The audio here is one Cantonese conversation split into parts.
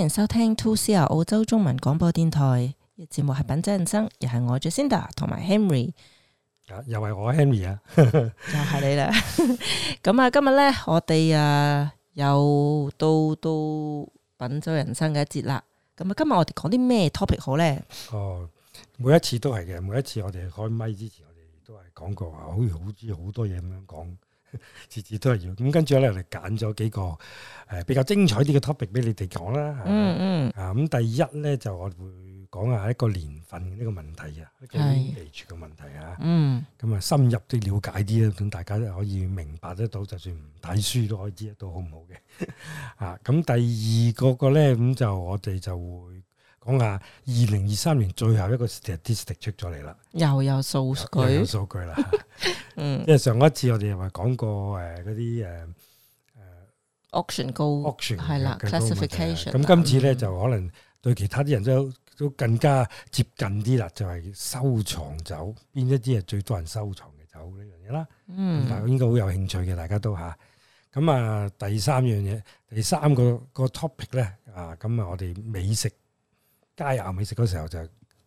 歡迎收聽 2CR 啊，澳洲中文廣播電台嘅節目係品酒人生，又係我 Jacinda 同埋 Henry 又係我 Henry 啊，又 係你啦。咁啊，今日咧我哋啊又到到品酒人生嘅一節啦。咁啊，今日我哋講啲咩 topic 好咧？哦，每一次都係嘅，每一次我哋開咪之前，我哋都係講過話，好似好似好多嘢咁樣講。次次都係要，咁跟住咧，我哋揀咗幾個誒比較精彩啲嘅 topic 俾你哋講啦。嗯嗯，啊，咁第一咧就我會講下一個年份呢個問題，個問題、嗯、啊，呢個基礎嘅問題啊。嗯，咁啊深入啲了解啲啦，咁大家都可以明白得到，就算唔睇書都可以知得到好唔好嘅。啊，咁第二嗰個咧，咁就我哋就會。講下二零二三年最後一個、Statistics、s t a t i s t i c 出咗嚟啦，又有數據，又有數據啦。嗯，因為上一次我哋又話講過誒嗰啲誒誒 auction 的的高 auction 係啦 classification。咁今次咧就可能對其他啲人都都更加接近啲啦，就係收藏酒，邊一啲係最多人收藏嘅酒呢樣嘢啦。嗯，但係應該好有興趣嘅，大家都嚇。咁啊，第三樣嘢，第三個第個，個 topic 咧啊，咁啊，我哋美食。佳餚美食嗰時候就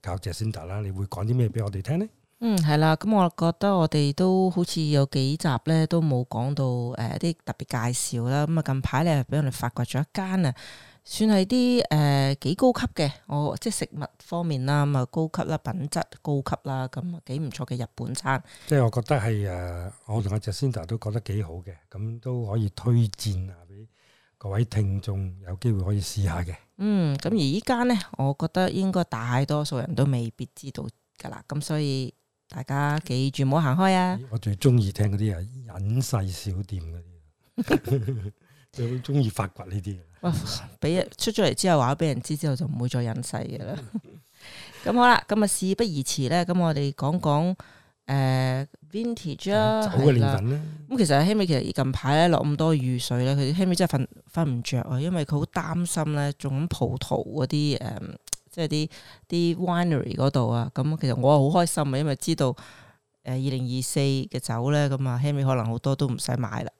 靠 Jacinda 啦，你會講啲咩俾我哋聽呢？嗯，係啦，咁我覺得我哋都好似有幾集咧都冇講到一啲特別介紹啦。咁啊近排咧俾我哋發掘咗一間啊，算係啲誒幾高級嘅，我、哦、即係食物方面啦咁啊高級啦，品質高級啦，咁幾唔錯嘅日本餐。即係我覺得係誒，我同阿 Jacinda 都覺得幾好嘅，咁都可以推薦啊俾。各位聽眾有機會可以試下嘅，嗯，咁而依家咧，我覺得應該大多數人都未必知道噶啦，咁所以大家記住唔好行開啊！我最中意聽嗰啲啊隱世小店嗰啲，最中意發掘呢啲嘢。哇、哦！俾出咗嚟之後，話俾人知之後，就唔會再隱世嘅啦。咁 好啦，咁啊事不宜遲咧，咁我哋講講誒。呃 Vintage，係啦。酒嘅年份咧？咁其實 Henry 其實近排咧落咁多雨水咧，佢 Henry 真係瞓瞓唔着，啊，因為佢好擔心咧，種葡萄嗰啲誒，即係啲啲 winery 嗰度啊。咁、就是、其實我好開心啊，因為知道誒二零二四嘅酒咧咁啊，Henry 可能好多都唔使買啦。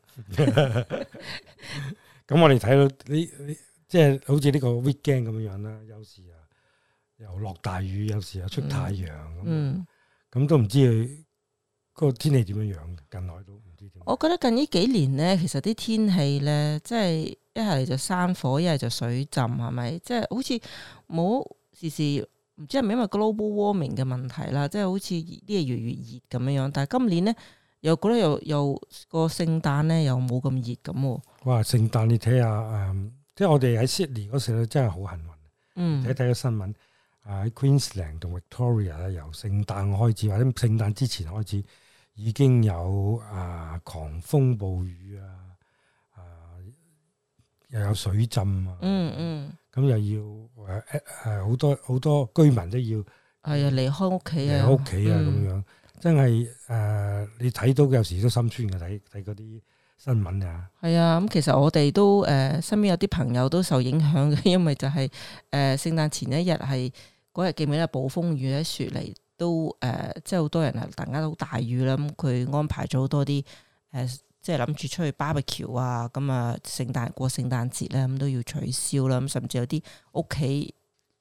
咁我哋睇到呢即係好似呢個 weekend 咁樣啦，有時啊又落大雨，有時又出太陽咁，咁、嗯嗯、都唔知佢。個天氣點樣樣？近來都唔知點。我覺得近呢幾年咧，其實啲天氣咧，即係一係就山火，一係就水浸，係咪？即係好似冇時時唔知係咪因為 global warming 嘅問題啦？即係好似啲嘢越嚟越熱咁樣樣。但係今年咧，又覺得又又個聖誕咧又冇咁熱咁喎。哇！聖誕你睇下誒，即、嗯、係我哋喺 Sydney 嗰時咧，真係好幸運。嗯。睇睇個新聞，喺、啊、Queensland 同 Victoria 由聖誕開始或者聖誕之前開始。已經有啊狂風暴雨啊，啊又有水浸啊、嗯，嗯嗯，咁又要誒誒好多好多居民都要，係啊、哎、離開屋企啊，屋企啊咁、嗯、樣，真係誒、呃、你睇到有時都心酸嘅，睇睇嗰啲新聞啊，係啊、嗯，咁、嗯、其實我哋都誒、呃、身邊有啲朋友都受影響嘅，因為就係誒聖誕前一日係嗰日記唔記得，暴風雨喺雪嚟。都誒、呃，即係好多人多、呃、啊！突然間都大雨啦，咁佢安排咗好多啲誒，即係諗住出去 barbecue 啊，咁啊聖誕過聖誕節咧，咁都要取消啦。咁甚至有啲屋企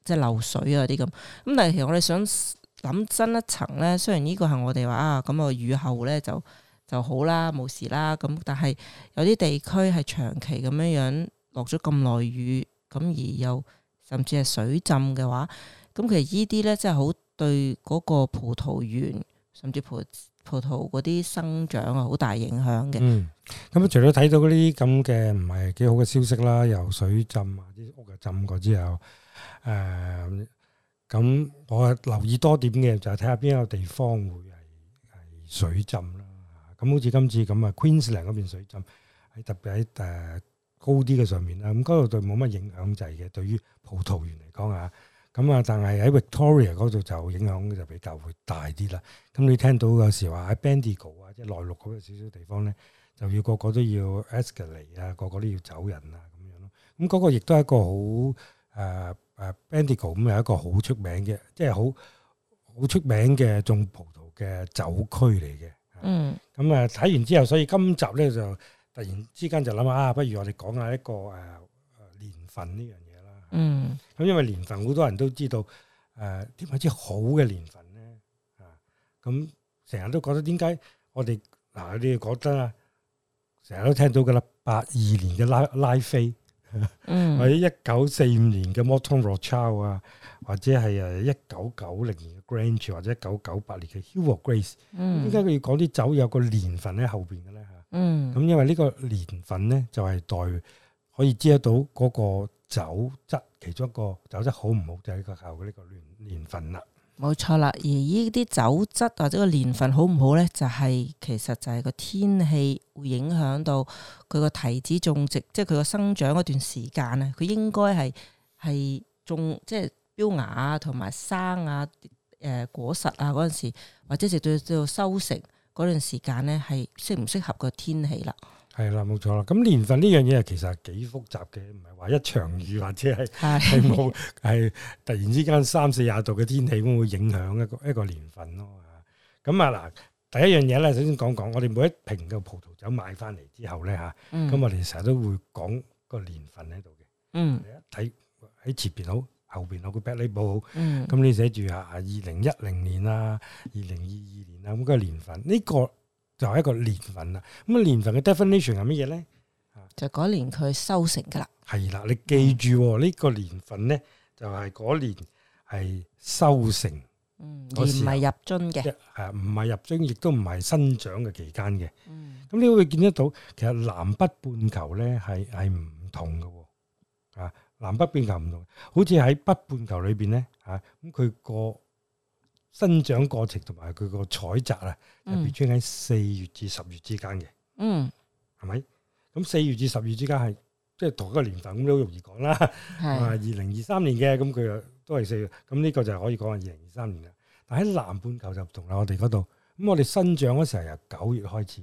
即係漏水啊啲咁。咁但係其實我哋想諗深一層咧，雖然呢個係我哋話啊，咁啊雨後咧就就好啦，冇事啦。咁但係有啲地區係長期咁樣樣落咗咁耐雨，咁而又甚至係水浸嘅話，咁其實依啲咧即係好。對嗰個葡萄園甚至葡葡萄嗰啲生長啊，好大影響嘅。嗯，咁除咗睇到嗰啲咁嘅唔係幾好嘅消息啦，又水浸啊，啲屋啊浸過之後，誒、呃，咁我留意多點嘅就係睇下邊個地方會係係水浸啦。咁好似今次咁啊，Queensland 嗰邊水浸，喺特別喺誒高啲嘅上面啦。咁嗰度就冇乜影響，就係嘅，對於葡萄園嚟講啊。咁啊，但係喺 Victoria 嗰度就影響就比較會大啲啦。咁你聽到有時話喺 Bendigo 啊，即係內陸嗰啲少少地方咧，就要個個都要 escalate 啊，個個都要走人啊咁樣咯。咁、那、嗰個亦都係一個好誒誒 Bendigo 咁係一個好出名嘅，即係好好出名嘅種葡萄嘅酒區嚟嘅。嗯。咁啊，睇完之後，所以今集咧就突然之間就諗下啊，不如我哋講下一個誒、呃、年份呢樣。嗯，咁因為年份好多人都知道，誒、呃，點解啲好嘅年份咧？啊，咁成日都覺得點解我哋嗱、啊，你哋覺得啊，成日都聽到噶啦，八二年嘅拉拉，拉菲，或者一九四五年嘅 Mouton Rothschild 啊，或者係誒一九九零年嘅 Grange、啊、或者一九九八年嘅 Hill of Grace，嗯，點解佢要講啲酒有個年份喺後邊嘅咧？吓、啊啊，嗯、咁、嗯、因為呢個年份咧就係、是、代可以知得到嗰個。酒質，其中一個酒質好唔好就係個後嘅呢個年年份啦，冇錯啦。而呢啲酒質或者個年份好唔好咧，就係、是、其實就係個天氣會影響到佢個提子種植，即係佢個生長嗰段時間啊。佢應該係係種，即係飚芽啊，同埋生啊，誒、呃、果實啊嗰陣時，或者直到到收成嗰段時間咧，係適唔適合個天氣啦。係啦，冇錯啦。咁年份呢樣嘢，係其實幾複雜嘅，唔係話一場雨或者係係冇係突然之間三四廿度嘅天氣咁會影響一個一個年份咯。咁啊嗱、啊，第一樣嘢咧，首先講講，我哋每一瓶嘅葡萄酒買翻嚟之後咧吓，咁、啊嗯、我哋成日都會講個年份喺度嘅。嗯，睇喺前邊好，後邊攞個 back label 好。好嗯，咁你寫住啊啊二零一零年啊，二零二二年啊咁嘅年份呢，這個。就係一個年份啦。咁啊，年份嘅 definition 係乜嘢咧？就係嗰年佢收成噶啦。係啦，你記住呢個年份咧，就係嗰年係收成，而唔係入樽嘅。係啊，唔係入樽，亦都唔係生長嘅期間嘅。咁你會見得到，其實南北半球咧係係唔同嘅喎。啊，南北半球唔同，好似喺北半球裏邊咧，啊咁佢個生長過程同埋佢個採摘啊，特別專喺四月至十月之間嘅，嗯，係咪？咁四月至十月之間係即係同一個年份咁，都好容易講啦。係二零二三年嘅，咁佢又都係四月，咁呢個就係可以講係二零二三年啦。但喺南半球就唔同啦，我哋嗰度，咁我哋生長嗰時候由九月開始，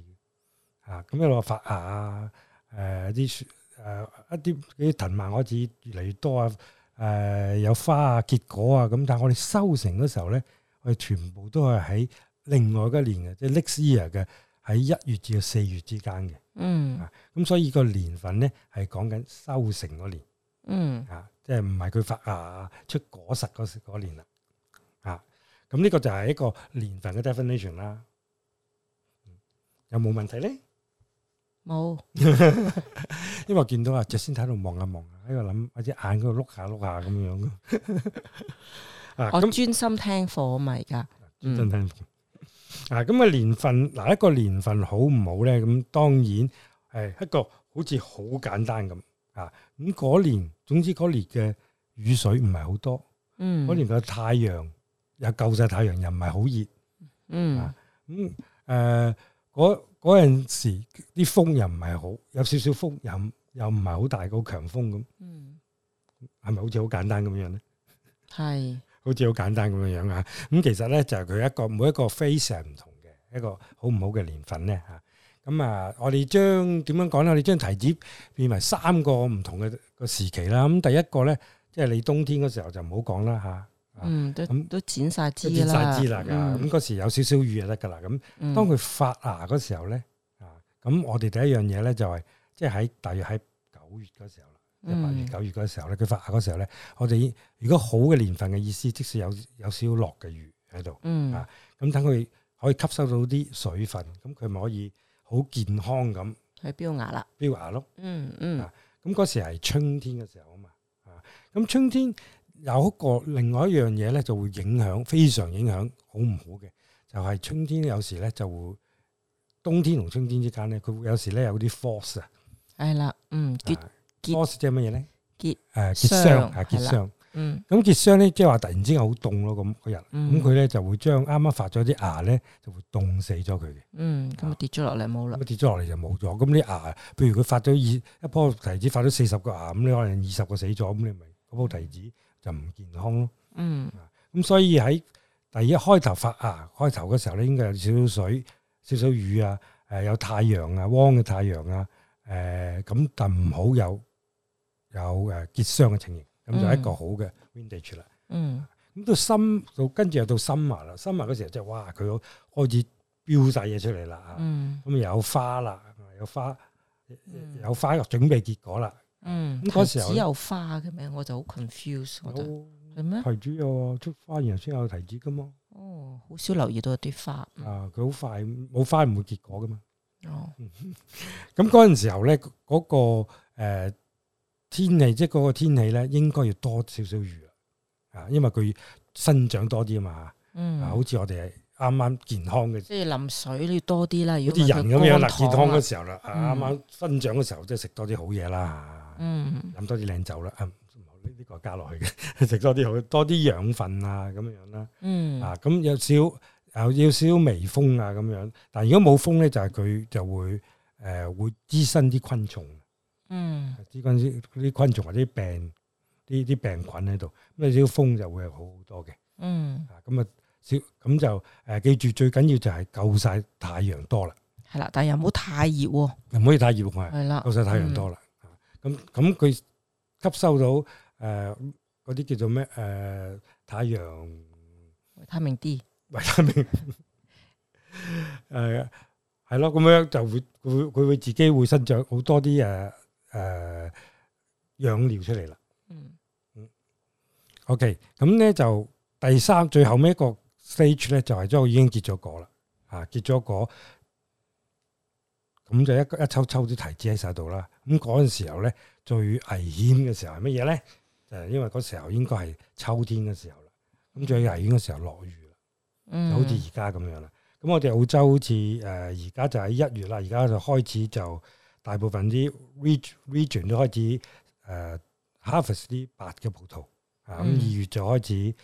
啊，咁一路發芽啊，誒、呃，啲樹誒，一啲啲藤蔓開始越嚟越多啊，誒、呃，有花啊，結果啊，咁但係我哋收成嗰時候咧。佢全部都係喺另外嘅年嘅，即係 next year 嘅，喺一月至四月之間嘅。嗯，咁所以個年份咧係講緊收成嗰年。嗯，啊，即係唔係佢發芽出果實嗰年啦。啊，咁呢個就係一個年份嘅 definition 啦、嗯。有冇問題咧？冇，因為見到阿 J 先喺度望下望下，喺度諗，或者眼喺度碌下碌下咁樣。 啊、我專心聽課啊嘛，而家專心聽課啊。咁、那、啊、個、年份，嗱一個年份好唔好咧？咁當然係、哎、一個好似好簡單咁啊。咁嗰年，總之嗰年嘅雨水唔係好多，嗯，嗰年嘅太陽又夠晒，太陽又唔係好熱，嗯。咁誒，嗰嗰陣時啲風又唔係好，有少少風又又唔係好大個強風咁，嗯，係咪好似好簡單咁樣咧？係。好似好簡單咁樣樣啊！咁其實咧就係佢一個每一個非常唔同嘅一個好唔好嘅年份咧吓。咁啊，我哋將點樣講咧？我哋將提子變為三個唔同嘅個時期啦。咁第一個咧，即係你冬天嗰時候就唔好講啦吓，嗯，嗯都都，都剪晒枝啦。剪晒枝啦，咁嗰時有少少雨就得㗎啦。咁當佢發芽嗰時候咧，啊，咁我哋第一樣嘢咧就係即係喺大約喺九月嗰時候。嗯八月九月嗰時候咧，佢發芽嗰時候咧，我哋如果好嘅年份嘅意思，即使有有少少落嘅雨喺度，嗯、啊，咁等佢可以吸收到啲水分，咁佢咪可以好健康咁去飆芽啦，飆芽咯，嗯嗯，咁嗰時係春天嘅時候啊嘛，啊，咁春天有一個另外一樣嘢咧，就會影響非常影響好唔好嘅，就係、是、春天有時咧就會冬天同春天之間咧，佢會有時咧有啲 force 啊，係啦，嗯，啊結即係乜嘢咧？結誒，結霜誒，結霜。的結霜，嗯，咁結霜咧，即係話突然之間好凍咯，咁個人。咁佢咧就會將啱啱發咗啲芽咧，就會凍死咗佢嘅。嗯，咁啊跌咗落嚟冇啦。咁跌咗落嚟就冇咗。咁啲芽，譬如佢發咗二一樖提子發咗四十個芽，咁你可能二十個死咗，咁你咪嗰棵提子就唔健康咯。嗯，咁所以喺第一開頭發芽，開頭嘅時候咧，應該有少少水、少少雨啊，誒，有太陽啊，汪嘅太陽啊，誒，咁但唔好有。有誒，結霜嘅情形，咁就一個好嘅 vintage 啦。嗯，咁到深到跟住又到深夏啦，深夏嗰時候就係哇，佢開始飆晒嘢出嚟啦。嗯，咁啊有花啦，花嗯、有花又有花個準備結果啦。嗯，嗰時只有花嘅名，我就好 confused，我就係咩？係主要出花然後先有提子噶嘛？哦，好少留意到有啲花啊！佢好、嗯、快冇花唔會結果噶嘛？哦，咁嗰陣時候咧嗰、那個誒。天氣即係嗰個天氣咧，應該要多少少雨啊，啊，因為佢生長多啲嘛，嗯，啊，好似我哋係啱啱健康嘅，即係淋水都要多啲啦，好似人咁樣啦，健康嗰時候啦，啱啱生長嘅時候，即係食多啲好嘢啦，嗯，飲多啲靚酒啦，啊，呢個加落去嘅，食多啲好多啲養分啊，咁樣啦，嗯，啊，咁有少有少微風啊，咁樣，但係如果冇風咧，就係佢就會誒會滋生啲昆蟲。嗯，啲昆啲啲昆蟲或者啲病啲啲病菌喺度，咁啊少風就會好好多嘅。嗯，啊咁啊少咁就誒記住最緊要就係夠曬太陽多啦。係啦，但係又唔好太熱，唔可以太熱係。係啦，夠曬太陽多啦。咁咁佢吸收到誒嗰啲叫做咩誒太陽維他命 D，維他命誒係咯，咁樣就會會佢會自己會生長好多啲誒。誒，養、呃、料出嚟啦。嗯嗯，OK，咁咧就第三最後尾一個 stage 咧，就係即係已經結咗果啦。啊，結咗果，咁就一一抽抽啲提子喺晒度啦。咁嗰陣時候咧，最危險嘅時候係乜嘢咧？誒、就是，因為嗰時候應該係秋天嘅時候啦。咁最危險嘅時候落雨啦，嗯、就好似而家咁樣啦。咁我哋澳洲好似誒，而、呃、家就喺一月啦，而家就開始就。大部分啲 region region 都開始誒 harvest 啲白嘅葡萄，咁二月就開始誒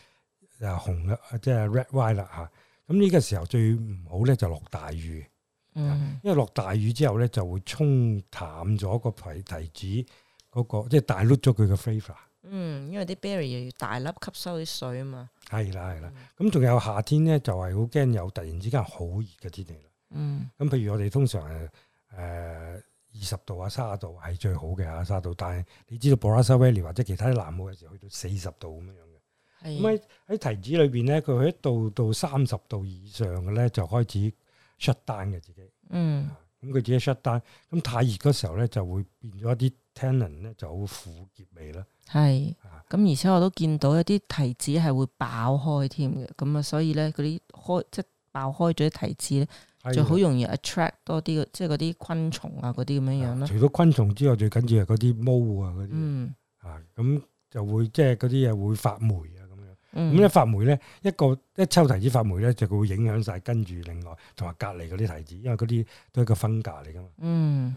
紅啦，即係 red wine 啦吓。咁呢個時候最唔好咧就落大雨，嗯，因為落大雨之後咧就會沖淡咗個提提子嗰個，即係大粒咗佢嘅 flavor。嗯，因為啲 berry 又要大粒吸收啲水啊嘛。係啦係啦，咁仲有夏天咧就係好驚有突然之間好熱嘅天氣啦。嗯，咁譬如我哋通常誒誒。二十度啊，卅度係最好嘅啊，卅度。但係你知道 Barossa Valley 或者其他啲南澳有時候去到四十度咁樣樣嘅。咁喺喺提子裏邊咧，佢去一度到三十度以上嘅咧就開始 shut down 嘅自己。嗯。咁佢、嗯、自己 shut down，咁太熱嗰時候咧就會變咗一啲 tannin 咧就好苦澀味啦。係。咁而且我都見到一啲提子係會爆開添嘅，咁啊，所以咧嗰啲開即係爆開咗啲提子咧。就好容易 attract 多啲，即係嗰啲昆蟲啊，嗰啲咁樣樣咯。除咗昆蟲之外，最緊要係嗰啲毛啊，嗰啲。嗯、啊，咁就會即係嗰啲嘢會發霉啊，咁樣。咁、嗯、一發霉咧，一個一抽提子發霉咧，就佢會影響晒，跟住另外同埋隔籬嗰啲提子，因為嗰啲都係個分隔嚟噶嘛。嗯、啊。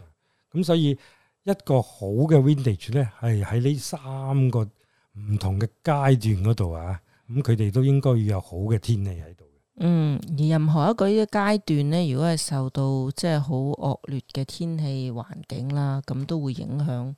咁所以一個好嘅 Vintage 咧，係喺呢三個唔同嘅階段嗰度啊，咁佢哋都應該要有好嘅天氣喺度。嗯，而任何一個呢個階段咧，如果係受到即係好惡劣嘅天氣環境啦，咁都會影響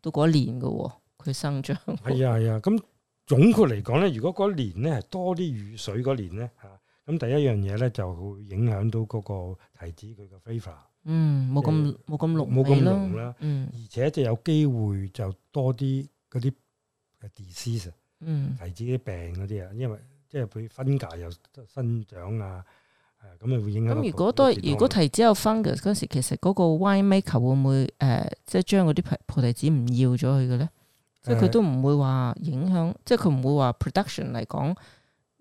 到嗰一年嘅喎、哦，佢生長、哎呀。係啊，係啊，咁總括嚟講咧，如果嗰一年咧，多啲雨水嗰年咧嚇，咁第一樣嘢咧就會影響到嗰個提子佢嘅非法，嗯，冇咁冇咁綠冇咁濃啦。而且就有機會就多啲嗰啲病啊，嗯，提子啲病嗰啲啊，因為。即係佢分隔又生長啊，誒咁誒會影響。咁如果都係，如果提子有 fungus 嗰時，其實嗰個 wine maker 會唔會誒，即係將嗰啲菩提子唔要咗佢嘅咧？即係佢都唔會話影響，即係佢唔會話 production 嚟講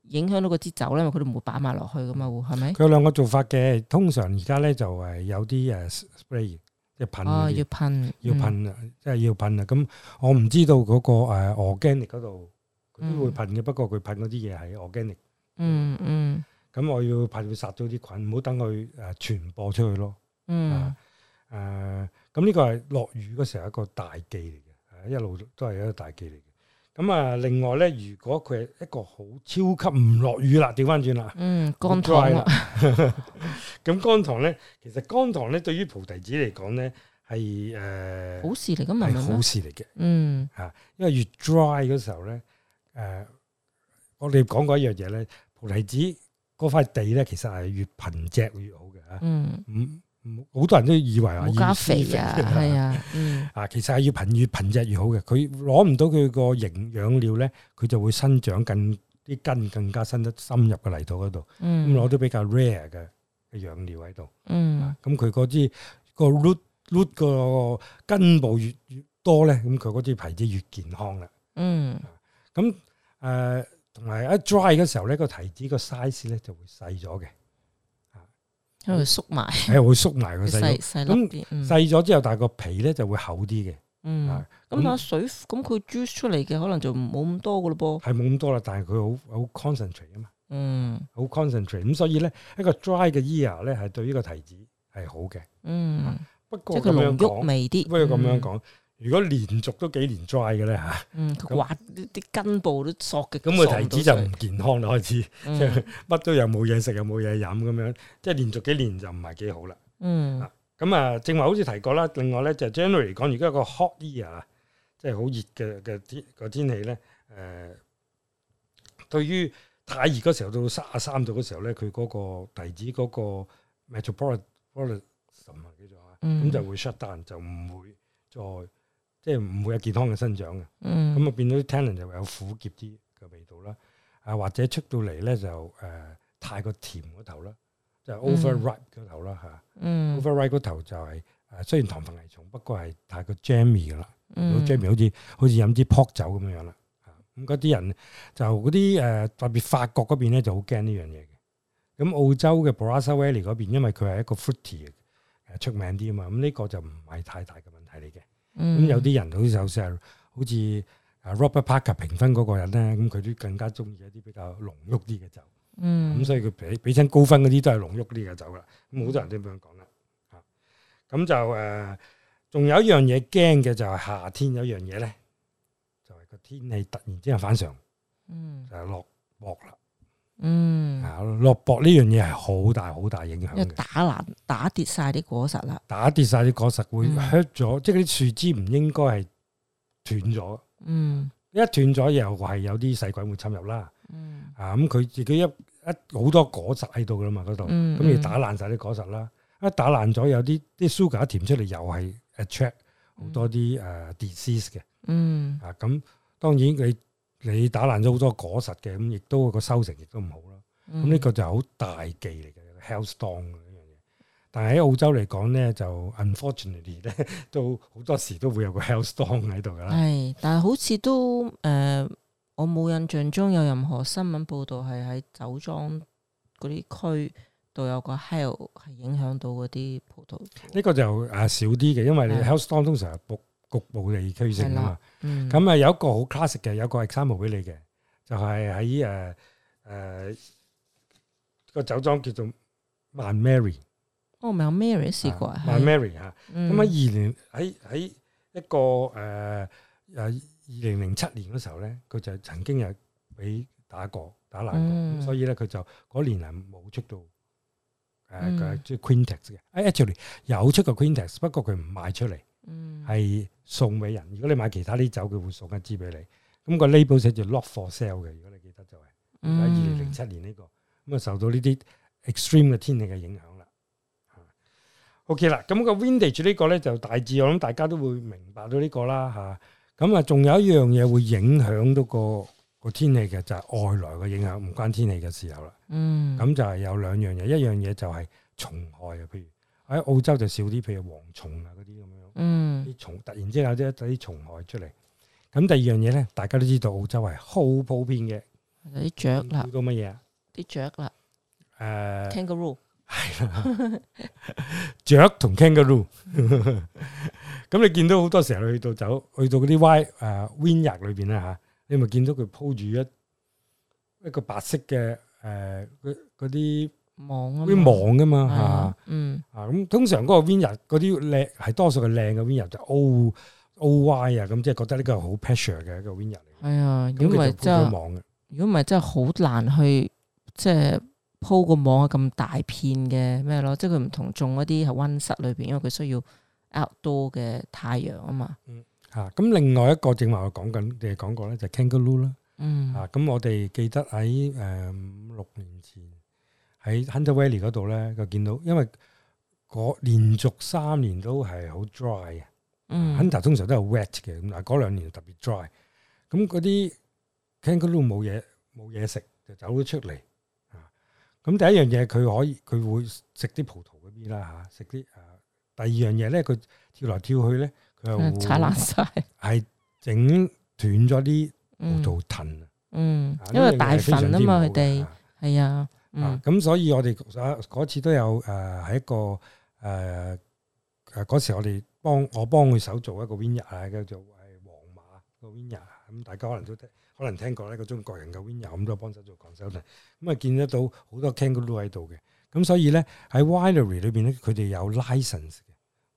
影響到支酒咧，因為佢都唔會擺埋落去噶嘛，會，係咪？佢有兩個做法嘅，通常而家咧就係有啲誒 spray，即係噴。啊，要噴，要噴，即係要噴啊！咁我唔知道嗰個誒 organic 嗰度。嗯、都會噴嘅，不過佢噴嗰啲嘢係 organic。嗯嗯，咁我要噴，要殺咗啲菌，唔好等佢誒傳播出去咯。嗯，誒，咁、呃、呢個係落雨嗰時候一個大忌嚟嘅，一路都係一個大忌嚟嘅。咁啊，另外咧，如果佢係一個好超級唔落雨、嗯、啦，調翻轉啦。嗯了，乾塘啦、啊。咁乾塘咧，其實乾塘咧，對於菩提子嚟講咧，係、呃、誒好事嚟噶嘛？係好事嚟嘅。嗯。吓，因為越 dry 嗰時候咧。誒、呃，我哋講過一樣嘢咧，葡提子嗰塊地咧，其實係越貧瘠越好嘅嚇。嗯，唔唔，好多人都以為話要加肥啊，係敗啊，啊、嗯，其實係越貧越貧瘠越好嘅。佢攞唔到佢個營養料咧，佢就會生長更啲根更加生得深入嘅泥土嗰度。咁攞、嗯、到比較 rare 嘅嘅養料喺度。嗯，咁佢嗰支個 root root 個根部越越多咧，咁佢嗰支提子越健康啦。嗯，咁、嗯。誒，同埋一 dry 嘅時候咧，個提子個 size 咧就會細咗嘅，吓，因為縮埋，係會縮埋個細細粒啲，細咗之後，但係個皮咧就會厚啲嘅，嗯，咁啊水，咁佢 juice 出嚟嘅可能就冇咁多噶咯噃，係冇咁多啦，但係佢好好 concentrate 啊嘛，嗯，好 concentrate，咁所以咧一個 dry 嘅 year 咧係對呢個提子係好嘅，嗯，不過佢濃郁味啲，不如咁樣講。如果連續都幾年 dry 嘅咧嚇，咁啲根部都索嘅，咁個提子就唔健康啦開始，即係乜都有冇嘢食，有冇嘢飲咁樣，即係連續幾年就唔係幾好啦。嗯，咁啊，正話好似提過啦，另外咧就 general 嚟講，而家個 hot year 啊，即係好熱嘅嘅天個天氣咧，誒、呃，對於太熱嗰時候到三十三度嗰時候咧，佢嗰個提子嗰個 metabolism 啊叫做啊，咁就會 shut down 就唔會再。即係唔會有健康嘅生長嘅，咁啊、嗯、變咗啲 tannin 就會有苦澀啲嘅味道啦，啊或者出到嚟咧就誒、呃、太過甜嗰頭啦，就是、overripe 嗰頭啦吓、嗯、overripe 嗰頭就係、是、誒雖然糖分係重，不過係太過 jammy 啦、嗯 jam，好 jammy 好似好似飲支 port 酒咁樣樣啦，咁嗰啲人就嗰啲誒特別法國嗰邊咧就好驚呢樣嘢嘅，咁澳洲嘅 Barossa Valley 嗰邊因為佢係一個 fruity 誒出名啲啊嘛，咁呢個就唔係太大嘅問題嚟嘅。咁、嗯、有啲人好似有時係好似啊 Robert Parker 評分嗰個人咧，咁佢都更加中意一啲比較濃郁啲嘅酒。嗯，咁所以佢俾俾親高分嗰啲都係濃郁啲嘅酒啦。咁好多人都咁樣講啦。嚇、啊，咁就誒仲、呃、有一樣嘢驚嘅就係、是、夏天有一樣嘢咧，就係、是、個天氣突然之間反常，嗯，就落雹啦。嗯，啊，落雹呢樣嘢係好大好大影響嘅，打爛打跌晒啲果實啦，打跌晒啲果實會 cut 咗，嗯、即係啲樹枝唔應該係斷咗，嗯，一斷咗又係有啲細菌會侵入啦，啊、嗯，咁佢自己一一好多果實喺度噶嘛，嗰度，咁你打爛晒啲果實啦，一打爛咗有啲啲 sugar 甜出嚟，又係 attract 好多啲誒 disease 嘅，嗯，嗯啊，咁當然你。你打爛咗好多果實嘅，咁亦都個收成亦都唔好啦。咁呢、嗯、個就好大忌嚟嘅 hailstorm 呢樣嘢。但係喺澳洲嚟講咧，就 unfortunately 咧，都好多時都會有個 hailstorm 喺度噶啦。係，但係好似都誒、呃，我冇印象中有任何新聞報道係喺酒莊嗰啲區度有個 hail 係影響到嗰啲葡萄。呢個就啊少啲嘅，因為你 hailstorm 通常係 book。局部地區性啊嘛，咁啊有一個好 classic 嘅，有個 example 俾你嘅，就係喺誒誒個酒莊叫做 Mount Mary。哦，Mount Mary 試過啊，Mount Mary 吓。咁啊，二零喺喺一個誒誒二零零七年嗰時候咧，佢就曾經有俾打過打爛過，所以咧佢就嗰年啊冇出到誒，佢即係 Quintex 嘅。Actually 有出過 Quintex，不過佢唔賣出嚟。係送俾人，如果你買其他啲酒，佢會送一支俾你。咁、嗯嗯、個 label 寫住 lock for sale 嘅，如果你記得就係二零零七年呢、這個，咁啊受到呢啲 extreme 嘅天氣嘅影響啦。OK 啦，咁、那個 Vintage 呢個咧就大致我諗大家都會明白到呢個啦吓。咁啊，仲有一樣嘢會影響到、那個、那個天氣嘅，就係、是、外來嘅影響，唔關天氣嘅時候啦。嗯，咁就係有兩樣嘢，一樣嘢就係蟲害啊，譬如喺澳洲就少啲，譬如蝗蟲啊嗰啲咁嗯，啲蟲突然之間有啲啲蟲害出嚟，咁第二樣嘢咧，大家都知道澳洲係好普遍嘅，有啲雀啦，呢個乜嘢啊？啲雀啦，誒，kangaroo 係啦，雀同 kangaroo，咁你見到好多時候去到走，去到嗰啲 w 誒 vineyard 裏邊啦吓，你咪見到佢鋪住一一個白色嘅誒啲。呃網、嗯、啊，啲、哎、呀網啊嘛，吓、就是，嗯，啊，咁通常嗰個 winner 嗰啲靚係多數係靚嘅 winner 就 O O Y 啊，咁即係覺得呢個好 pressure 嘅一個 winner 嚟。係啊，如果唔係真，如果唔係真係好難去即係鋪個網咁大片嘅咩咯？即係佢唔同種一啲喺溫室裏邊，因為佢需要 outdoor 嘅太陽啊嘛。嗯，吓，咁另外一個正話我講緊，你講過咧就 kangaroo 啦。嗯，啊、嗯，咁我哋記得喺誒五六年前。喺 Hunter Valley 嗰度咧，就見到，因為嗰連續三年都係好 dry 嘅，Hunter 通常都係 wet 嘅，咁嗱嗰兩年特別 dry，咁嗰啲 kangaroo 冇嘢冇嘢食，就走咗出嚟。咁第一樣嘢佢可以佢會食啲葡萄嗰邊啦嚇，食、啊、啲啊。第二樣嘢咧，佢跳嚟跳去咧，佢會踩爛晒，係整斷咗啲葡萄藤。嗯，嗯、啊，因為大份啊嘛，佢哋係啊。啊、嗯！咁所以我哋嗰次都有誒，喺、呃、一個誒誒嗰時我，我哋幫我幫佢手做一個 winner 啊，跟做係皇馬個 winner。咁大家可能都聽，可能聽過呢個中國人嘅 winner 咁都幫手做講手勢。咁啊見得到好多 kangaroo 喺度嘅。咁所以咧喺 winery 裏邊咧，佢哋有 license 嘅，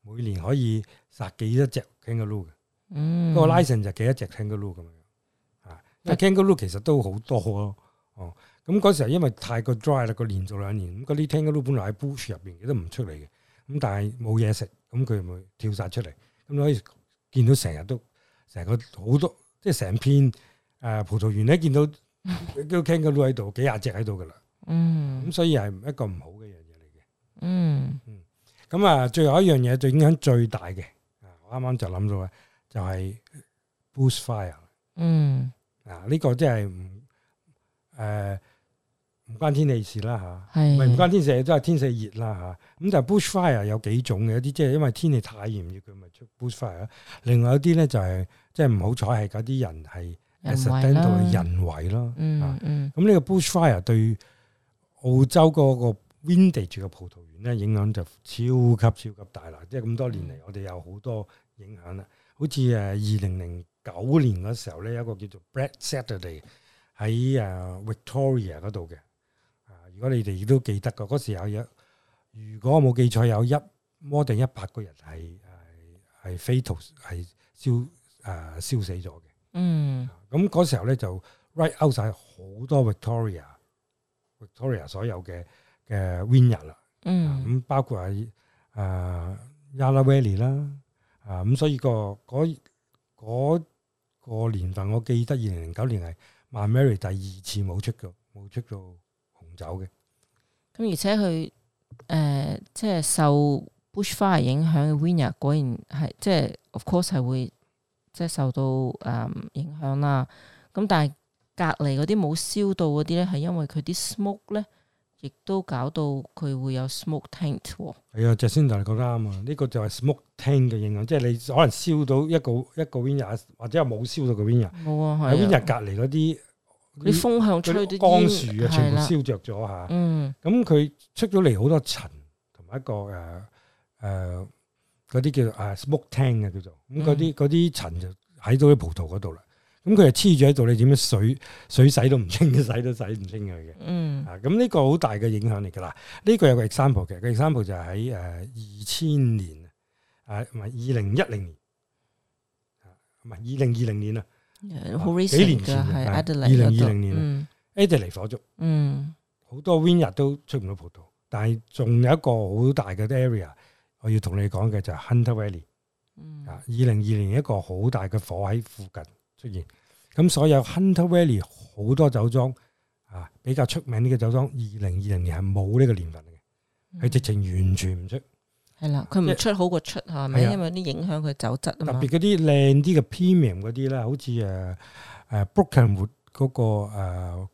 每年可以殺幾多隻 kangaroo 嘅。嗯，個 license 就幾多隻 kangaroo 咁樣。啊，但 kangaroo 其實都好多咯，哦。咁嗰、嗯、時候因為太過 dry 啦，那個連續兩年，咁嗰啲 kangaroo 都本來喺 bush 入邊，佢都唔出嚟嘅。咁但係冇嘢食，咁佢咪跳晒出嚟。咁你可以見到成日都成個好多，即係成片誒、呃、葡萄園咧，見到都 kangaroo 都喺度， 幾廿隻喺度噶啦。嗯，咁所以係一個唔好嘅樣嘢嚟嘅。嗯，咁啊，最後一樣嘢最影響最大嘅，剛剛就是嗯、啊，我啱啱就諗到啦，就係 bush fire。嗯，啊，呢個即係誒。唔關天氣事啦吓？唔唔是關天氣，都係天氣熱啦嚇。咁但係 bushfire 有幾種嘅，一啲即係因為天氣太炎熱，佢咪出 bushfire 另外一啲咧就係、是、即係唔好彩係嗰啲人係 accidental 人為咯。咁呢、嗯嗯嗯呢個 bushfire 對澳洲嗰個 vintage 嘅葡萄園咧影響就超級超級大啦。嗯、即係咁多年嚟，我哋有好多影響啦。嗯、好似誒二零零九年嗰時候咧，有一個叫做 Black Saturday 喺誒、uh, Victoria 嗰度嘅。如果你哋都記得嘅，嗰時候有，如果我冇記錯，有一摩定一百個人係係係 fatal，係燒誒、呃、燒死咗嘅。嗯，咁嗰、嗯、時候咧就 write out 曬好多 Victoria，Victoria 所有嘅嘅 vineyard 啦。Yard, 嗯，咁、啊、包括係誒 Yarra Valley 啦，呃、Valley, 啊咁所以、嗰個嗰、嗰個、年份，我記得二零零九年係 Mount Mary 第二次冇出嘅，冇出到。走嘅，咁而且佢誒、呃、即係受 Bushfire 影響嘅 vineyard 果然係即係 of course 係會即係受到誒、嗯、影響啦。咁但係隔離嗰啲冇燒到嗰啲咧，係因為佢啲 smoke 咧，亦都搞到佢會有 smoke taint 喎。係啊 Jacinda 又係講得啱啊！呢、這個就係 smoke taint 嘅影響，即係你可能燒到一個一個 vineyard，或者係冇燒到個 vineyard。冇啊，喺 vineyard 隔離啲。啲風向吹啲光樹啊，樹全部燒着咗。吓，嗯，咁佢出咗嚟好多塵，同埋一個誒誒嗰啲叫做啊 smoke taint 嘅叫做。咁嗰啲嗰啲塵就喺到啲葡萄嗰度啦。咁佢又黐住喺度，你點樣水水洗都唔清，洗都洗唔清佢嘅。嗯啊，咁、這、呢個好大嘅影響力噶啦。呢、這個有個 example 嘅，這個 example 就喺誒二千年啊，唔係二零一零年，唔係二零二零年啊。好 recent 嘅二零二零年 Adelaide 火燭，嗯，好、嗯、多 winner 都出唔到葡萄，但係仲有一個好大嘅 area，我要同你講嘅就係 Hunter Valley，嗯、啊，二零二零一個好大嘅火喺附近出現，咁所有 Hunter Valley 好多酒莊啊比較出名啲嘅酒莊，二零二零年係冇呢個年份嘅，佢、嗯、直情完全唔出。係啦，佢唔出好過出嚇，係咪？係、係嘅，因為啲影響佢酒質啊嘛。特別嗰啲靚啲嘅 premium 嗰啲咧，好似誒誒 Brokenwood 嗰個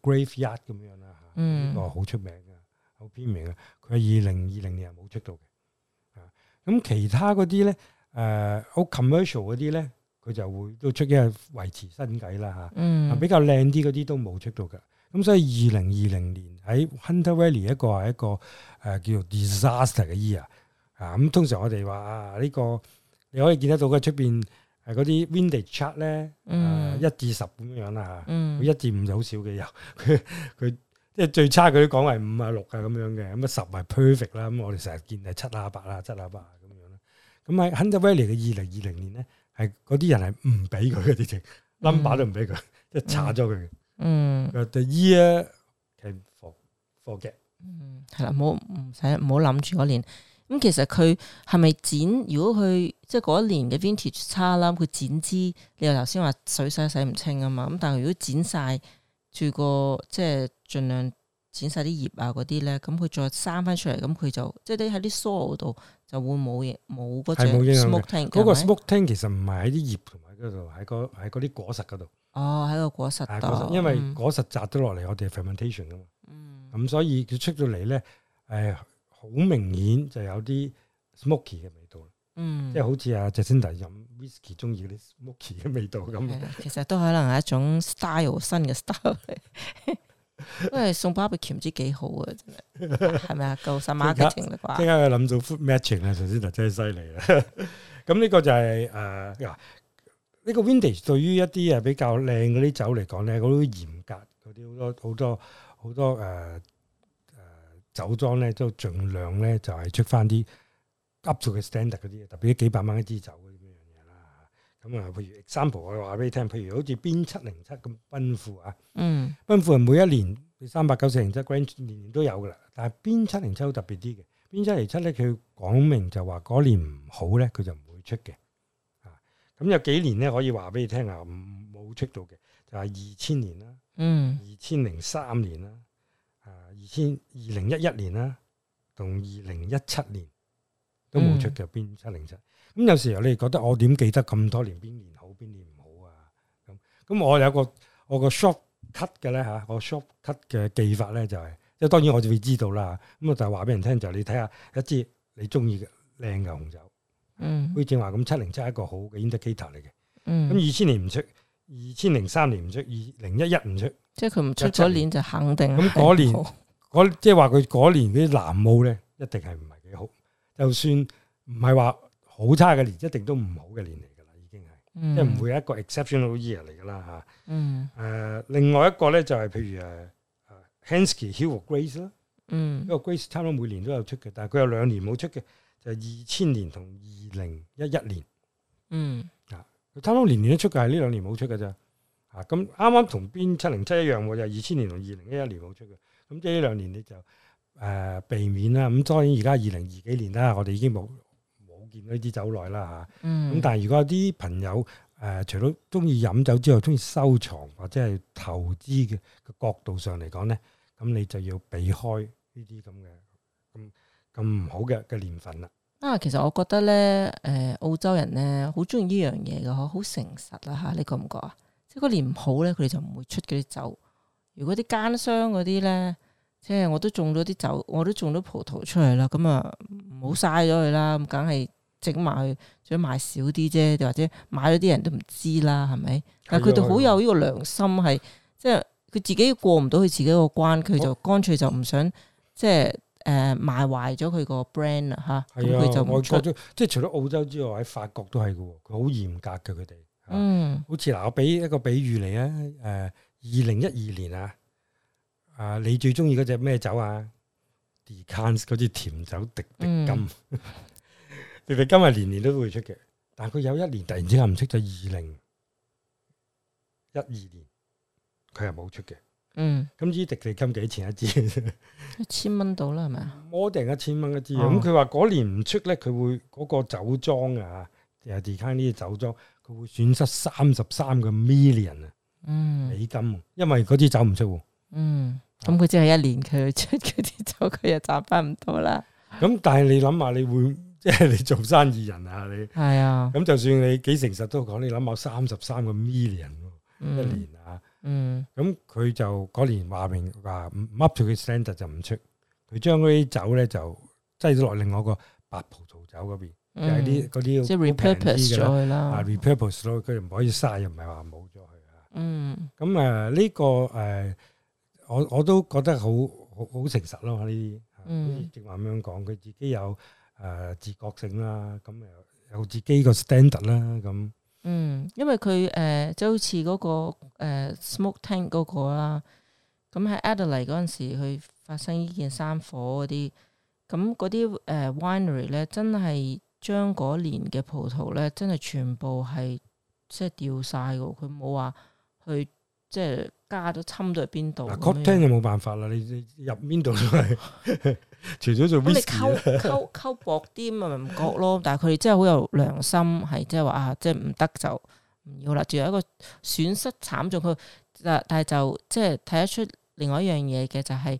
Graveyard 咁樣啦嚇，呢個好出名嘅，好 premium 嘅，佢二零二零年冇出到嘅。啊，咁、那個啊嗯啊、其他嗰啲咧，誒好 commercial 嗰啲咧，佢就會都出嘅維持身價啦嚇。啊、嗯，比較靚啲嗰啲都冇出到嘅。咁、啊、所以二零二零年喺 Hunter Valley 一個係一個誒叫做 disaster 嘅 year。啊咁，通常我哋話啊呢個你可以見得到嘅，出邊係嗰啲 windy chart 咧、嗯，一至十咁樣啦，佢一至五就好少嘅油，佢即係最差佢都講係五啊六啊咁樣嘅，咁啊十係 perfect 啦，咁我哋成日見係七啊八啊七啊八啊咁樣啦。咁喺 Hunter Valley 嘅二零二零年咧，係嗰啲人係唔俾佢嘅，直情，number 都唔俾佢，即係炒咗佢嘅。嗯，The year came for forget 嗯。嗯，係、嗯、啦，冇唔使唔好諗住嗰年。咁、嗯、其實佢係咪剪？如果佢即係嗰一年嘅 vintage 差啦，佢剪枝，你又頭先話水洗洗唔清啊嘛。咁但係如果剪晒，住個即係儘量剪晒啲葉啊嗰啲咧，咁佢再生翻出嚟，咁佢就即係喺啲 soil 度就會冇嘢，冇嗰隻 smoking。嗰嗎個 smoking 其實唔係喺啲葉同埋嗰度，喺喺嗰啲果實嗰度。哦，喺個果實度，因為果實摘咗落嚟，我哋 fermentation 啊嘛。咁所以佢出到嚟咧，唉、哎。好明顯就有啲 smoky 嘅味道，嗯，即係好似阿 Jacinda 飲 whisky 中意嗰啲 smoky 嘅味道咁、嗯。其實都可能係一種 style 新嘅 style。嚟，因為送 barbecue 唔知幾好啊，真係，係咪啊？夠 marketing 啦啩？點解佢諗到 food matching 啊。Jacinda 真係犀利啊！咁 呢個就係誒嗱，呢、呃這個 vintage 對於一啲誒比較靚嗰啲酒嚟講咧，嗰啲嚴格嗰啲好多好多好多誒。酒莊咧都儘量咧就係出翻啲 up to 嘅 standard 嗰啲，特別啲幾百蚊一支酒嗰啲咁樣嘢啦。咁啊，譬如三婆，我話俾你聽，譬如好似 Bin 七零七咁奔富啊，嗯，奔富係每一年三百九四零七 grand 年年都有噶啦，但係 Bin 七零七好特別啲嘅，Bin 七零七咧佢講明就話嗰年唔好咧，佢就唔會出嘅。啊，咁有幾年咧可以話俾你聽啊，冇出到嘅就係二千年啦，嗯，二千零三年啦。二千二零一一年啦，同二零一七年都冇出嘅，邊七零七咁？有時候你哋覺得我點記得咁多年，邊年好，邊年唔好啊？咁咁我有個我個 short cut 嘅咧嚇，我 short cut 嘅記、啊、法咧就係，即係當然我就會知道啦。咁我就話俾人聽就係你睇下一支你中意嘅靚嘅紅酒，嗯，好似正話咁七零七係一個好嘅 indicator 嚟嘅，嗯。咁二千年唔出，二千零三年唔出，二零一一唔出，即係佢唔出咗年就肯定咁嗰年。即係話佢嗰年啲藍霧咧，一定係唔係幾好。就算唔係話好差嘅年，一定都唔好嘅年嚟噶啦，已經係，嗯、即係唔會係一個 exceptional year 嚟噶啦吓。誒、嗯呃，另外一個咧就係、是、譬如誒 Henschke、Hill of、啊、Grace 啦，嗯，因為 Grace 差唔多每年都有出嘅，但係佢有兩年冇出嘅，就係二千年同二零一一年，嗯啊年年，啊，差唔多年年都出嘅，係呢兩年冇出嘅咋，吓咁啱啱同 Bin 707一樣，就係二千年同二零一一年冇出嘅。咁即係呢兩年你就誒、呃、避免啦。咁當然而家二零二幾年啦，我哋已經冇冇見到呢啲酒耐啦嚇。咁、嗯、但係如果有啲朋友誒、呃，除咗中意飲酒之外，中意收藏或者係投資嘅個角度上嚟講咧，咁你就要避開呢啲咁嘅咁咁唔好嘅嘅年份啦。啊，其實我覺得咧，誒、呃、澳洲人咧好中意呢樣嘢嘅呵，好誠實啦嚇、啊。你覺唔覺啊？即係個年唔好咧，佢哋就唔會出嗰啲酒。如果啲奸商嗰啲咧，即係我都種咗啲酒，我都種咗葡萄出嚟啦，咁啊唔好嘥咗佢啦，咁梗係整埋佢，想賣少啲啫，或者買咗啲人都唔知啦，係咪？的但佢哋好有呢個良心，係即係佢自己過唔到佢自己個關，佢就乾脆就唔想即係誒、呃、賣壞咗佢個 brand 嚇。係啊，外國的即係除咗澳洲之外，喺法國都係嘅喎，佢好嚴格嘅佢哋。嗯，好似嗱，我俾一個比喻嚟啊，誒、呃。呃二零一二年啊，啊，你最中意嗰隻咩酒啊？Decans 嗰支甜酒滴滴金，嗯、 滴滴金係年年都會出嘅，但係佢有一年突然之間唔出咗二零一二年佢又冇出嘅。嗯，咁知滴滴金幾錢一支？一、嗯、 千蚊到啦，係咪啊？摩定一千蚊一支，咁佢話嗰年唔出咧，佢會嗰、嗰個酒莊啊，啊 Decans 呢啲酒莊，佢會損失三十三個 million 啊。美金，因為嗰啲走唔出。嗯，咁佢只係一年，佢出嗰啲酒，佢又賺翻唔到啦。咁但係你諗下，你會即係你做生意人啊？你係啊。咁就算你幾誠實都講，你諗下三十三個 million 一年啊。嗯，咁佢就嗰年話明話，up to 佢 standard 就就唔出，佢將嗰啲酒咧就擠咗落另外個白葡萄酒嗰邊，就係啲嗰啲即係 repurpose 咗啦。啊，repurpose 咯，佢唔可以嘥，又唔係話冇。嗯，咁誒呢個誒，我我都覺得好好好誠實咯，呢啲，好似直話咁樣講，佢自己有誒、呃、自覺性啦，咁有自己個 standard 啦，咁。嗯，因為佢誒即係好似嗰、那個、呃、smoking 嗰、那個啦，咁喺 Adelaide 嗰陣時，佢發生呢件山火嗰啲，咁嗰啲誒、呃、winery 咧，真係將嗰年嘅葡萄咧，真係全部係即係掉晒嘅，佢冇話。佢，即係加咗侵咗去邊度？嗱 cutting 就冇辦法啦，你你入邊度都係，除咗做，我哋溝溝薄啲咪唔覺咯。但係佢哋真係好有良心，係即係話啊，即係唔得就唔要啦。仲有一個損失慘重，佢但係就即係睇得出另外一樣嘢嘅就係、是，